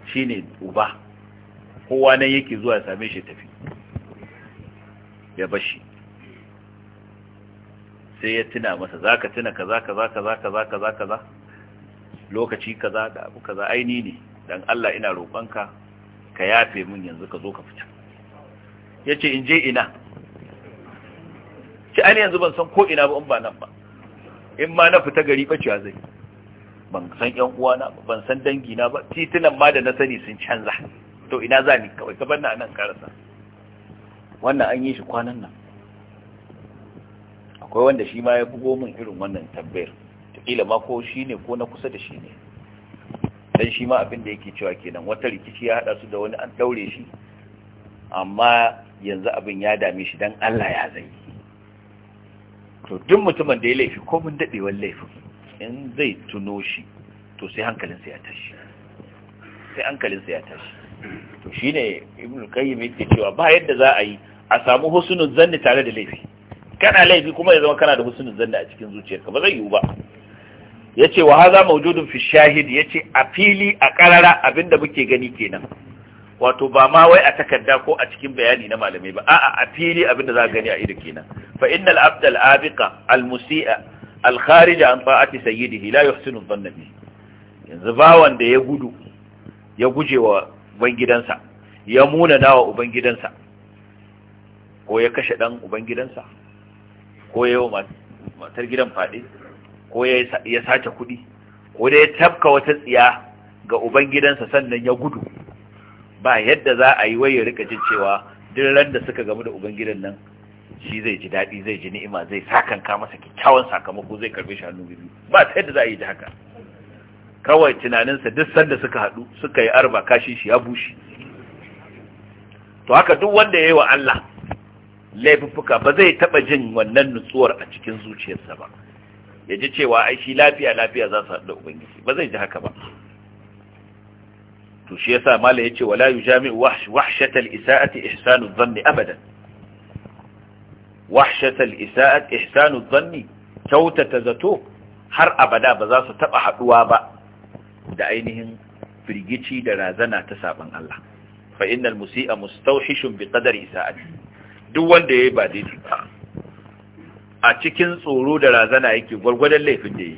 [SPEAKER 2] shi ne uba kowa nan yake zuwa ya same shi tafi ya bashi sai ya tuna masa za ka tuna kaza kaza kaza kaza kaza za lokaci kaza da abu kaza aini ne don Allah ina roƙonka ka yafe min yanzu ka zo ka fita ya ce in je ina ci aini yanzu ban san ko ina ba in ba nan ba in ma na fita gari cewa zai ban san ƴan uwana ba ban san dangina ba titunan ma da na sani sun canza to ina za ni kawai ka bar na nan karasa wannan an yi shi kwanan nan akwai wanda shi ma ya bugo min irin wannan tambayar takila ma ko shi ne ko na kusa da shi ne dan shi ma abin da yake cewa kenan wata rikici ya hada su da wani an daure shi amma yanzu abin ya dame shi dan Allah ya zai to duk mutumin da ya laifi ko mun dadewar laifin in zai tuno shi to sai sa ya tashi sai sa ya tashi to shine ibnu qayyim yake cewa ba yadda za a yi a samu husunin zanni tare da laifi kana laifi kuma ya zama kana da husunin zanni a cikin zuciyarka ba zai yiwu ba ce wa haza maujudin fi shahid yace a fili a karara abinda muke gani kenan wato ba ma wai a takarda ko a cikin bayani na malamai ba a'a a fili abinda za gani a ido kenan fa innal abda al abiqa al musi'a al kharij an ta'ati sayyidihi la yuhsinu dhanna bi yanzu bawan da ya gudu ya guje wa ubangidansa ya muna nawa ubangidansa ko ya kashe dan uban gidansa ko ya yi matar gidan faɗi ko ya sace kuɗi ko da ya tafka wata tsiya ga uban sannan ya gudu ba yadda za a yi ya rika jin cewa duk da suka gamu da ubangidan nan shi zai ji daɗi zai ji ni'ima zai sakanka masa kyakkyawan sakamako zai karbe shi hannu biyu ba ta yadda za a yi ji haka kawai tunaninsa duk sanda suka haɗu suka yi arba kashi shi ya bushe to haka duk wanda ya yi wa Allah laifuffuka ba zai taba jin wannan nutsuwar a cikin zuciyarsa ba ya ji cewa ai shi lafiya lafiya za su haɗu ubangiji ba zai ji haka ba to shi yasa mala yace wala yujami'u wahshata al-isa'ati ihsanu dhanni abadan wahshata isaati ihsanu dhanni kyautata zato har abada ba za su taba haɗuwa ba da ainihin firgici da razana ta saban Allah fa innal musii'a mustawhishun bi qadari isa'ati duk wanda ya yi ba daidai ba a cikin tsoro da razana yake gwargwadon laifin da yi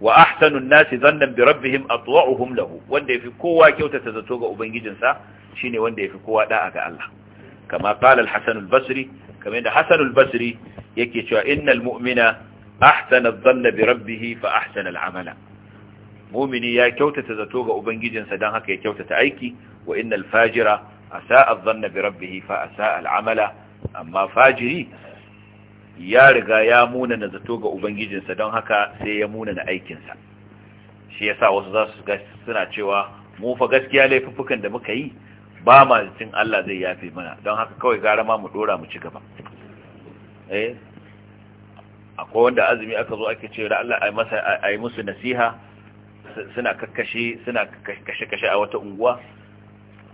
[SPEAKER 2] wa ahsanun nasi zannan bi rabbihim atwa'uhum lahu wanda yafi kowa kyautata zato ga ubangijinsa shine wanda yafi kowa da'a ga Allah kama qala al-Hasan al-Basri kamar da Hasan al-Basri yake cewa innal mu'mina ahsana adh-dhanna bi rabbih fa ahsana al-amala mu'mini ya kyautata zato ga ubangijinsa dan haka ya kyautata aiki wa innal fajira asaa adh-dhanna bi rabbih fa asaa al-amala amma fajiri ya riga ya muna na zato ga ubangijinsa don haka sai ya muna na aikinsa shi ya sa wasu za su suna cewa mu fa gaskiya laifuffukan da muka yi ba ma cin Allah zai yafe mana don haka kawai gara ma mu dora mu ci gaba eh akwai wanda azumi aka zo ake ce da Allah ai masa ai musu nasiha suna kakkashe suna kashe kashe a wata unguwa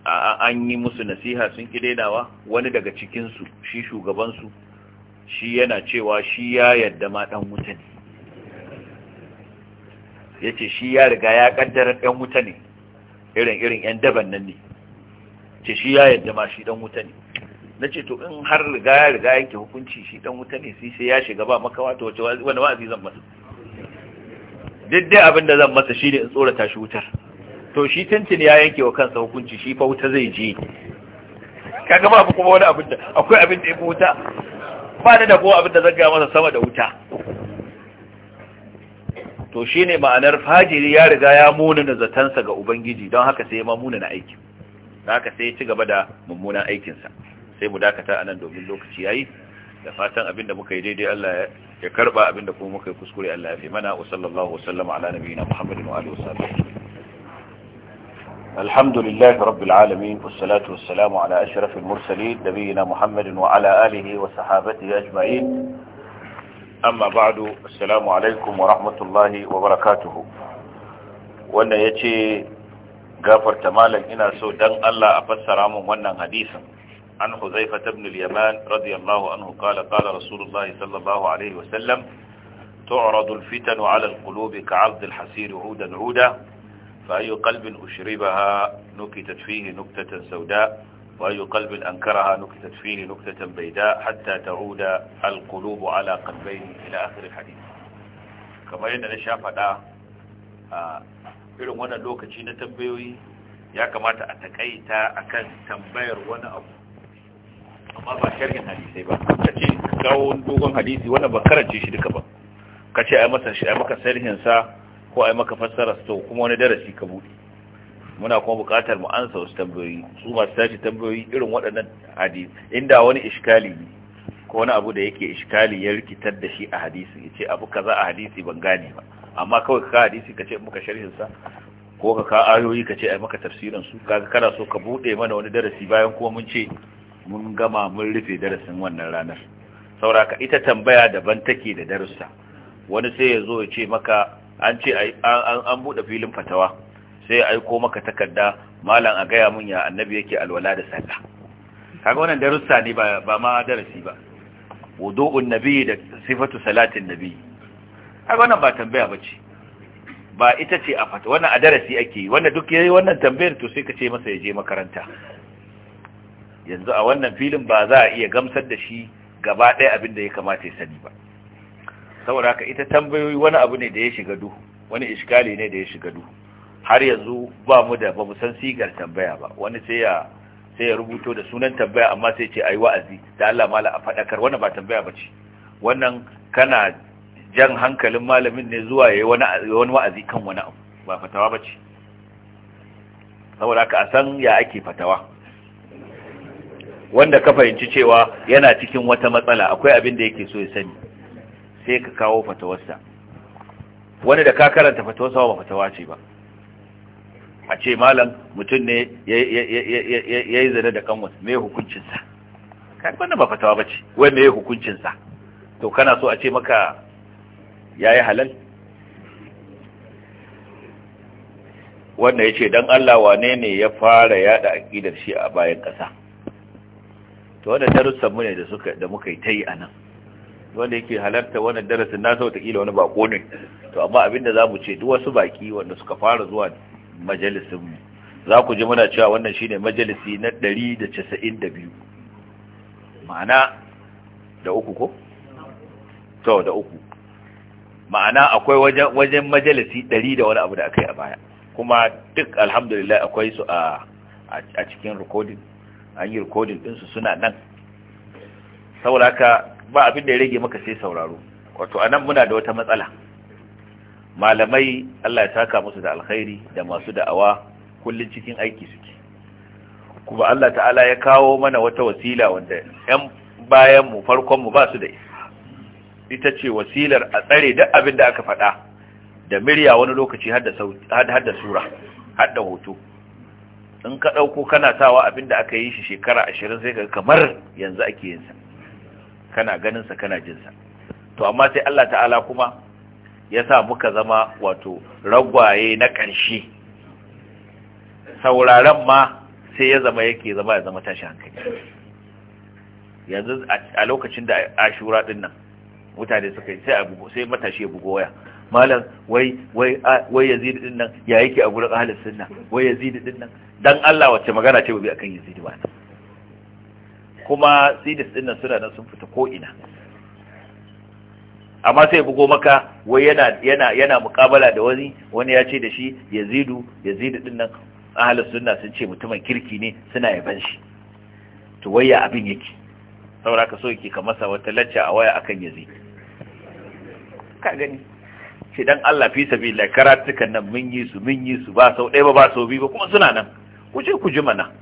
[SPEAKER 2] an yi musu nasiha sun daidawa wani daga cikinsu shi shugabansu shi yana cewa shi ya yadda ma ɗan wuta ne ya ce shi ya riga ya ƙaddara ɗan wuta ne irin-irin 'yan daban nan ne ce shi ya yadda ma shi ɗan wuta ne na ce to in har riga ya riga yanke hukunci shi ɗan wuta ne sai sai ya shiga ba makawa ta wace wani ma'azi zan masa duk dai abin da zan masa shi ne in tsorata shi wutar to shi tintin ya yanke wa kansa hukunci shi fa wuta zai je kaga ba kuma wani abin da akwai abin da ya fi wuta ba da dabo abin da zan ga masa sama da wuta to shi ne ma'anar fajiri ya riga ya muna da zatansa ga ubangiji don haka sai ya ma muna na aiki don haka sai ya ci gaba da mummunan aikinsa sai mu dakata anan domin lokaci yayi da fatan abin da muka yi daidai Allah ya karba abin da kuma muka yi kuskure Allah ya fi mana wa sallallahu wa sallama ala nabiyina Muhammadin wa alihi wa sahbihi الحمد لله رب العالمين والصلاة والسلام على أشرف المرسلين نبينا محمد وعلى آله وصحابته أجمعين أما بعد السلام عليكم ورحمة الله وبركاته وأن يتي غافر تمالا إنا سو دن الله أفسر من ونن حديثا عن حذيفة بن اليمان رضي الله عنه قال قال رسول الله صلى الله عليه وسلم تعرض الفتن على القلوب كعرض الحسير عودا عودا فأي قلب أشربها نكتت فيه نكتة سوداء وأي قلب أنكرها نكتت فيه نكتة بيداء حتى تعود القلوب على قلبين إلى آخر الحديث كما يدنا نشاف هذا irin wannan lokaci na tambayoyi ya kamata a takaita akan tambayar wani abu amma ba sharhin hadisai ba ka ce kawo dogon hadisi wannan ba karance shi duka ba ka ce a masa shi a maka sharhin sa ko a yi maka fassara to kuma wani darasi ka buɗe muna kuma buƙatar mu ansa wasu tambayoyi su masu tashi tambayoyi irin waɗannan hadisi inda wani iskali ne ko wani abu da yake iskali ya rikitar da shi a hadisi ya ce abu kaza a hadisi ban gane ba amma kawai ka hadisi ka ce muka sharhin sa ko ka ka ayoyi ka ce ai maka tafsirin su kaga kana so ka buɗe mana wani darasi bayan kuma mun ce mun gama mun rufe darasin wannan ranar saura ka ita tambaya daban take da darussa wani sai ya zo ya ce maka an ce an buɗe filin fatawa sai ya aiko maka takarda malam a gaya mun ya annabi yake alwala da sallah kaga wannan darussa ne ba ma darasi ba wudu'un nabi da sifatu salatin nabi kaga wannan ba tambaya bace ba ita ce a fata wannan a darasi ake yi wanda duk yayi wannan tambayar to sai ka ce masa ya je makaranta yanzu a wannan filin ba za a iya gamsar da shi gaba ɗaya abin da ya kamata ya sani ba saboda haka ita tambayoyi wani abu ne da ya shiga duhu wani iskali ne da ya shiga duhu har yanzu ba mu da ba mu san sigar tambaya ba wani sai ya sai ya rubuto da sunan tambaya amma sai ce ayi wa'azi da Allah mala a fadakar wannan ba tambaya ba ce. wannan kana jan hankalin malamin ne zuwa yayi wani wani wa'azi kan wani abu ba fatawa ba ce. saboda haka a san ya ake fatawa wanda ka fahimci cewa yana cikin wata matsala akwai abin da yake so ya sani sai ka kawo fatawarsa wani da ka karanta fatawarsa ba fatawa ce ba a ce malam mutum ne ya yi zane da kanwas mai hukuncinsa kai wannan ba fatawa ba ce wai mai hukuncinsa to kana so a ce maka ya yi halal wannan ya ce don Allah wane ne ya fara yada aƙidar shi a bayan ƙasa to wannan darussanmu ne da muka yi ta yi a nan wanda yake halarta wannan darasin nasa watakila wani bako ne to amma abinda za mu ce duk wasu baki wanda suka fara zuwa mu za ku ji muna cewa wannan shine majalisi na 192 ma'ana da uku ko? to da uku ma'ana akwai wajen majalisi 100 da wani abu da aka yi a baya kuma duk alhamdulillah akwai su a a cikin recording an yi recording ɗinsu suna nan saboda haka ba abin da ya rage maka sai sauraro wato a nan muna da wata matsala malamai Allah ya saka musu da alkhairi da masu da'awa kullun cikin aiki suke kuma Allah ta'ala ya kawo mana wata wasila wanda yan bayan mu farkon mu ba su da ita ce wasilar a tsare duk abin da aka faɗa da murya wani lokaci har da sura har da hoto in ka ɗauko kana sawa abin da aka yi shi shekara ashirin sai ka kamar yanzu ake yinsa kana ganin sa kana jin sa to amma sai Allah ta'ala kuma ya sa muka zama wato ragwaye na ƙarshe sauraron ma sai ya zama yake zama ya zama tashi hankali yanzu a lokacin da ashura din nan mutane suka yi sai sai matashi ya bugo waya malam wai wai wai yazid din nan ya yake a gurin ahlus sunna wai yazid din nan dan Allah wacce magana ce bi akan yazid ba kuma sidis din nan suna nan sun fita ko ina amma sai bugo maka wai yana yana yana mukabala da wani wani ya ce da shi yazidu yazidu din nan ahlus sunna sun ce mutumin kirki ne suna yaban shi to wai ya abin yake saboda ka so yake ka masa wata lacca a waya akan yazi ka gani shi dan Allah fi sabilillah karatukan nan mun yi su mun yi su ba sau ɗaya ba ba sau biyu ba kuma suna nan ku je ku ji mana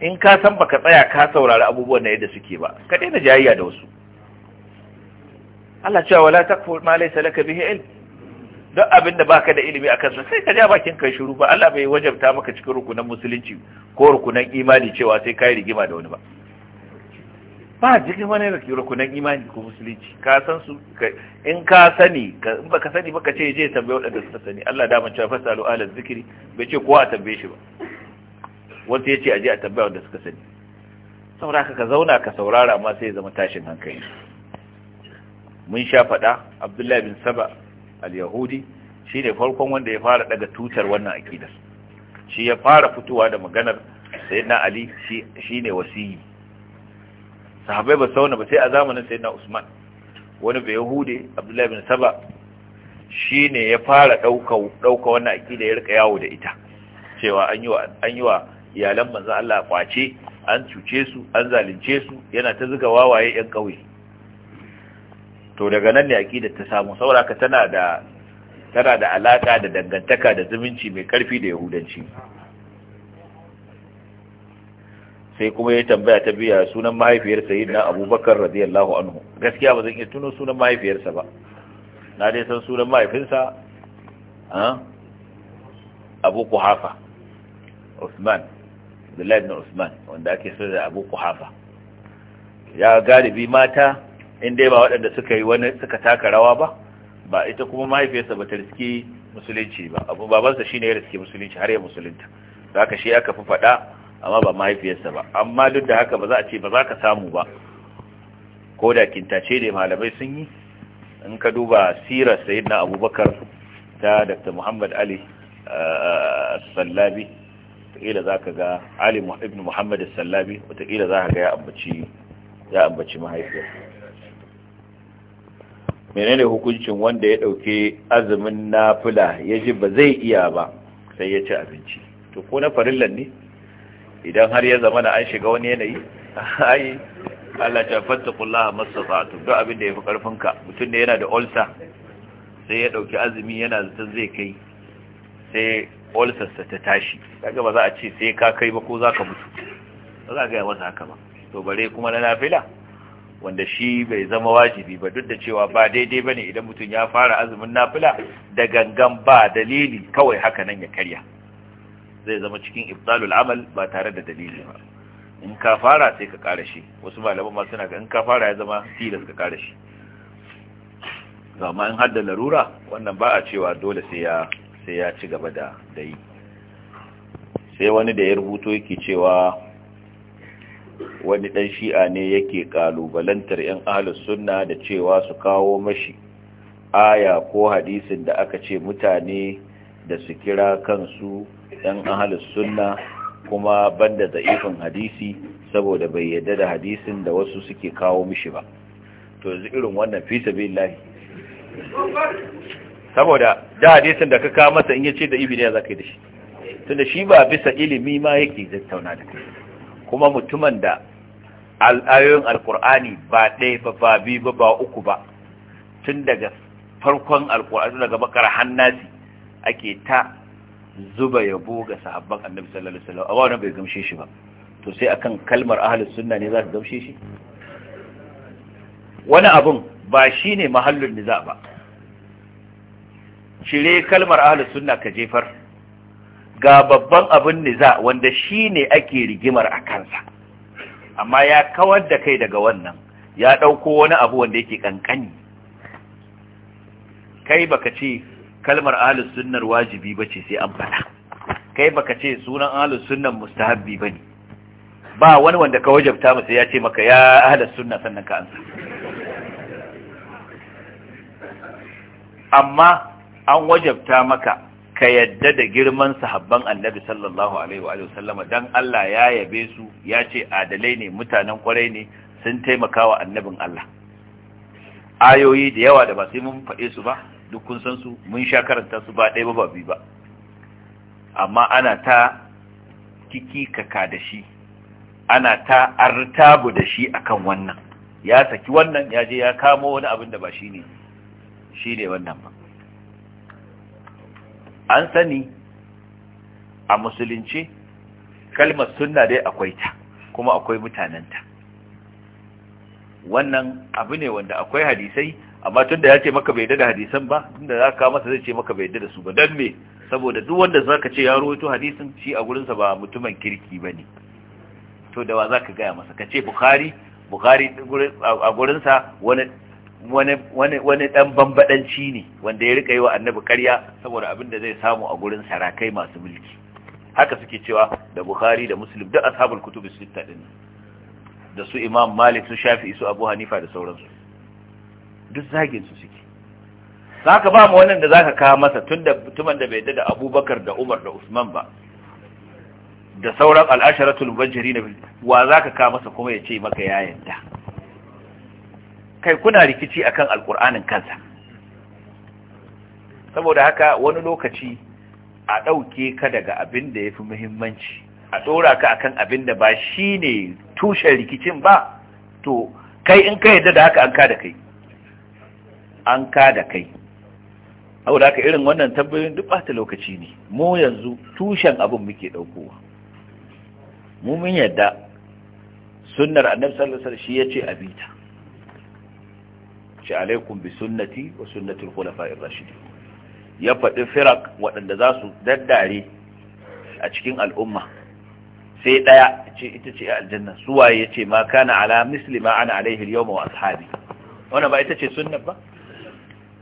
[SPEAKER 2] in ka san baka tsaya ka saurari abubuwan da yadda suke ba ka daina jayayya da wasu Allah cewa wala takfu ma laysa laka bihi ilm duk abin da baka da ilimi akan sa sai ka ja bakin kai shiru ba Allah bai wajabta maka cikin rukunan musulunci ko rukunan imani cewa sai kai rigima da wani ba ba jikin wani rukunan imani ko musulunci ka san su in ka sani in baka sani baka ce je tambaye wadanda suka sani Allah da mun cewa fasalu ala zikri bai ce kowa tambaye shi ba wata ya aje a tambaya wanda suka sani saboda ka zauna ka saurara amma sai ya zama tashin hankali mun sha faɗa abdullahi bin saba al-yahudi shine farkon wanda ya fara daga tutar wannan akidar shi ya fara fitowa da maganar sayyidina ali shi ne wasiyi Sahabai ba sauna ba sai a zamanin sayyidina usman wani bai yahude abdullahi bin saba shi ne ya fara ɗauka wannan akidar ya rika yawo da ita cewa an yi wa iyalan manzan Allah kwace an cuce su an zalunce su yana ta zuga wawaye yan ƙauye. to daga nan ne aqidar ta samu saboda tana da tana da alaka da dangantaka da zumunci mai karfi da yahudanci sai kuma ya tambaya ta biya sunan mahaifiyar sayyidina abubakar radiyallahu anhu gaskiya ba zan iya tuno sunan mahaifiyarsa ba na dai san sunan mahaifinsa ah, abu kuhafa usman abdullahi bin usman wanda ake so da abu kuhafa ya galibi mata inda ba waɗanda suka yi wani suka taka rawa ba ba ita kuma mahaifiyarsa ba ta riski musulunci ba abu babansa shine ya riski musulunci har ya musulunta zaka shi aka fi faɗa amma ba mahaifiyarsa ba amma duk da haka ba za a ce ba za ka samu ba ko da kintace da malamai sun yi in ka duba sirar sayyidina abubakar ta dr muhammad ali uh, sallabi wataƙila za ka ga ali ibn muhammad sallabi wataƙila za ka ga ya ambaci mahaifiyar menene hukuncin wanda ya ɗauke azumin nafila ya ji ba zai iya ba sai ya ci abinci to ko na farillan ne idan har ya zama na an shiga wani yanayi ayi Allah ta fattakullah masata'tu duk abin da ya fi ƙarfinka. mutum ne yana da ulcer sai ya ɗauki azumi yana zata zai kai sai ulcersa ta tashi daga ba za a ce sai ka kai ba ko za ka mutu ba za a gaya masa haka ba to bare kuma na nafila wanda shi bai zama wajibi ba duk da cewa ba daidai ba ne idan mutum ya fara azumin nafila da gangan ba dalili kawai haka nan ya karya zai zama cikin ibtalul amal ba tare da dalili ba in ka fara sai ka kara shi wasu malaman ma suna ga in ka fara ya zama tilas ka kara shi amma in hadda larura wannan ba a cewa dole sai ya sai ya ci gaba da da sai wani da ya rubuto yake cewa wani dan shi'a ne yake kalubalantar yan ahlus sunna da cewa su kawo mashi aya ko hadisin da aka ce mutane da su kira kansu yan ahlus sunna kuma banda da'ifin hadisi saboda bai yadda da hadisin da wasu suke kawo mishi ba to zikirin irin wannan fi sabilillah saboda da hadisin da ka kawo masa in yace da ibi ya za ka yi da shi tunda shi ba bisa ilimi ma yake zattauna da kai kuma mutumin da al'ayoyin alkur'ani ba ɗaya ba ba bi ba ba uku ba tun daga farkon alkur'ani daga bakar hannasi ake ta zuba yabo ga sahabban annabi sallallahu alaihi wasallam amma bai gamshe shi ba to sai akan kalmar ahlus sunna ne za ta gamshe shi wani abun ba shine mahallin niza ba cire kalmar ahlus sunna ka jefar ga babban abin niza wanda ne ake rigimar a kansa amma ya kawar da kai daga wannan ya ɗauko wani abu wanda yake ƙanƙani. kai baka ce kalmar ahlus sunnar wajibi ba ce sai an faɗa kai baka ce sunan ahlus sunnar mustahabbi bane ba wani wanda ka wajabta masa ya ce maka ya ahlus sunna sannan ka amma an wajabta maka ka yadda da girman sahabban annabi sallallahu alaihi wa sallama dan Allah ya yabe su ya ce adalai ne mutanen kwarai ne sun taimaka wa annabin Allah ayoyi da yawa da ba sai mun faɗe su ba duk kun san su mun sha karanta su ba ɗaya ba ba biyu ba amma ana ta kiki kaka da shi ana ta artabu da shi akan wannan ya saki wannan ya je ya kamo wani abin da ba shi shine wannan ba an sani a musulunci kalmar sunna dai akwai ta kuma akwai mutanenta wannan abu ne wanda akwai hadisai amma tunda ya ce maka bai da hadisan ba tunda za ka masa zai ce maka bai da su ba don me saboda duk wanda za ka ce ya rawaito hadisin shi a gurinsa ba mutumin kirki ba ne to da wa za ka gaya masa ka ce bukhari bukari a gurinsa wani wani ɗan bambaɗanci ne wanda ya rika yi wa annabi ƙarya saboda abin da zai samu a gurin sarakai masu mulki haka suke cewa da bukhari da muslim duk ashabul kutub sitta din da su imam malik su shafi'i su abu hanifa da sauransu duk zagin su suke zaka ba mu wannan da zaka kawo masa tunda mutumin da bai da abubakar da umar da usman ba da sauran al-asharatul mubajjirin wa zaka kawo masa kuma ya ce maka ya da kai kuna rikici akan alkur'anin kansa saboda haka wani lokaci a ɗauke ka daga abin da ya fi muhimmanci a ɗora ka akan abin da ba shi ne tushen rikicin ba to kai in ka yadda da haka an ka da kai an ka da kai saboda haka irin wannan tambayoyin duk ɓata lokaci ne mu yanzu tushen abin muke ɗaukowa mu mun yadda sunnar annabi sallallahu alaihi wasallam shi yace abita ce alaikum bi sunnati wa sunnatul khulafa'ir rashidin ya faɗi firak waɗanda za su daddare a cikin al'umma sai ɗaya ce ita ce aljanna waye ya ce ma kana ala muslima ana alaihi yawma wa ashabi wanda ba ita ce sunna ba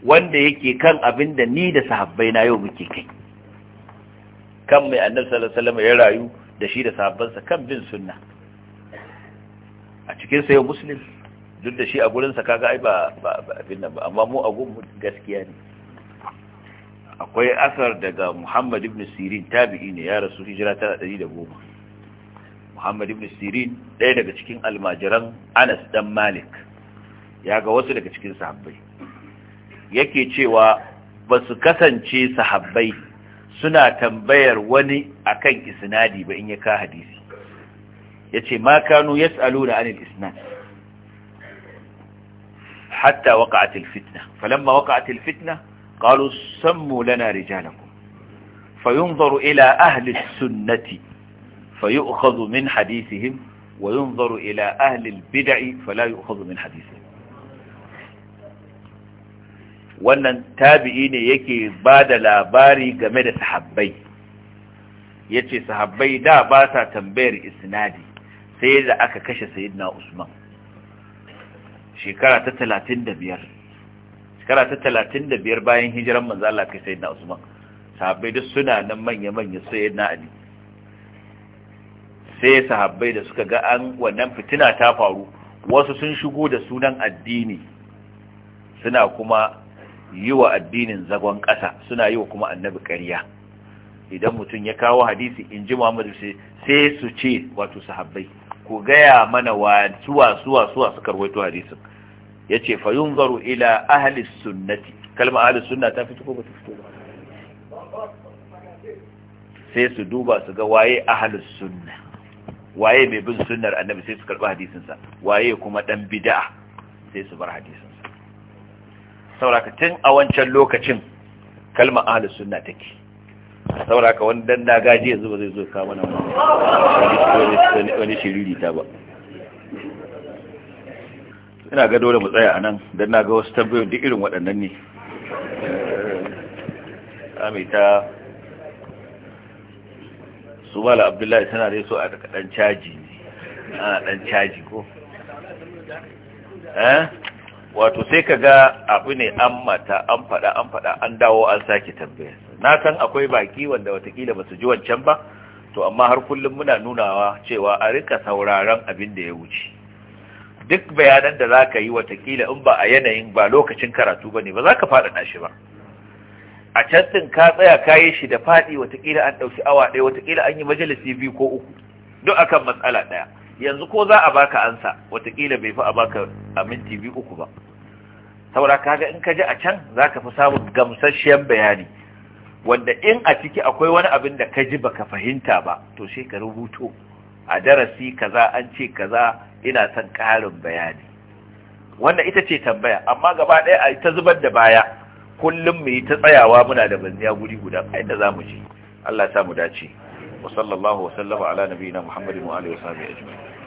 [SPEAKER 2] wanda yake kan abin da ni da sahabbai na yau muke kai kan mai annabi sallallahu alaihi wasallam ya rayu da shi da sahabbansa kan bin sunna a cikin sa yau duk da shi a gurinsa kaga ai ba abin nan ba amma mu a gun gaskiya ne akwai asar daga muhammad ibn sirin tabi'i ne ya rasu hijira tana ɗari da goma muhammad ibn sirin ɗaya daga cikin almajiran anas dan malik ya ga wasu daga cikin sahabbai yake cewa ba su kasance sahabbai suna tambayar wani akan isnadi ba in ya ka hadisi ya ce ma kanu yas'aluna anil isnad حتى وقعت الفتنة فلما وقعت الفتنة قالوا سموا لنا رجالكم فينظر إلى أهل السنة فيؤخذ من حديثهم وينظر إلى أهل البدع فلا يؤخذ من حديثهم wannan tabi'i ne yake ba da labari game da sahabbai yace sahabbai da ba sa tambayar isnadi sai da aka kashe sayyidina usman shekara ta talatin da biyar shekara ta talatin da biyar bayan hijiran manzala kai sai na usman sahabbai duk suna nan manya-manya sai na ali sai sahabbai da suka ga an wannan fitina ta faru wasu sun shigo da sunan addini suna kuma yi wa addinin zagon ƙasa suna yi wa kuma annabi ƙarya idan mutum ya kawo hadisi in ji muhammadu sai su ce wato sahabbai ku gaya mana wa suwa suwa suwa suka rawaito hadisin yace fa yunzaru ila ahli sunnati kalma ahli sunna ta fito ko ba ta fito ba sai su duba su ga waye ahli sunna waye mai bin sunnar annabi sai su karba hadisin sa waye kuma dan bid'a sai su bar hadisin sa saboda tun a wancan lokacin kalma ahli sunna take saboda ka wani danda gaji yanzu ba zai zo ka mana wani shiriri ta ba ina ga dole mu tsaya a nan don na ga wasu tambayoyin duk irin waɗannan ne eh, amita su mala abdullahi tana dai so a ɗan caji ne ana ɗan caji ko eh, wato sai ka ga abu ne an mata an faɗa an faɗa an dawo an sake tambaya na san akwai baki wanda watakila ba su ji wancan ba to amma har kullum muna nunawa cewa a rika sauraron abin da ya wuce duk bayanan da za ka yi watakila in ba a yanayin ba lokacin karatu ba ne ba za ka faɗaɗa shi ba a ɗin ka tsaya ka yi shi da faɗi watakila an ɗauki awa ɗaya watakila an yi majalisi biyu ko uku duk akan matsala ɗaya yanzu ko za a baka ansa watakila bai fi a baka a minti biyu uku ba saboda kaga in ka ji a can za ka fi samun gamsasshen bayani wanda in a ciki akwai wani abin da ka ji ba ka fahimta ba to sai ka rubuto a darasi kaza an ce kaza ina son ƙarin bayani wannan ita ce tambaya amma gaba ɗaya a ta zubar da baya kullum mu yi ta tsayawa muna da banziya guri guda a inda za mu je Allah ya sa mu dace wa sallallahu wa sallama ala nabiyina Muhammadin wa alihi wa sahbihi ajma'in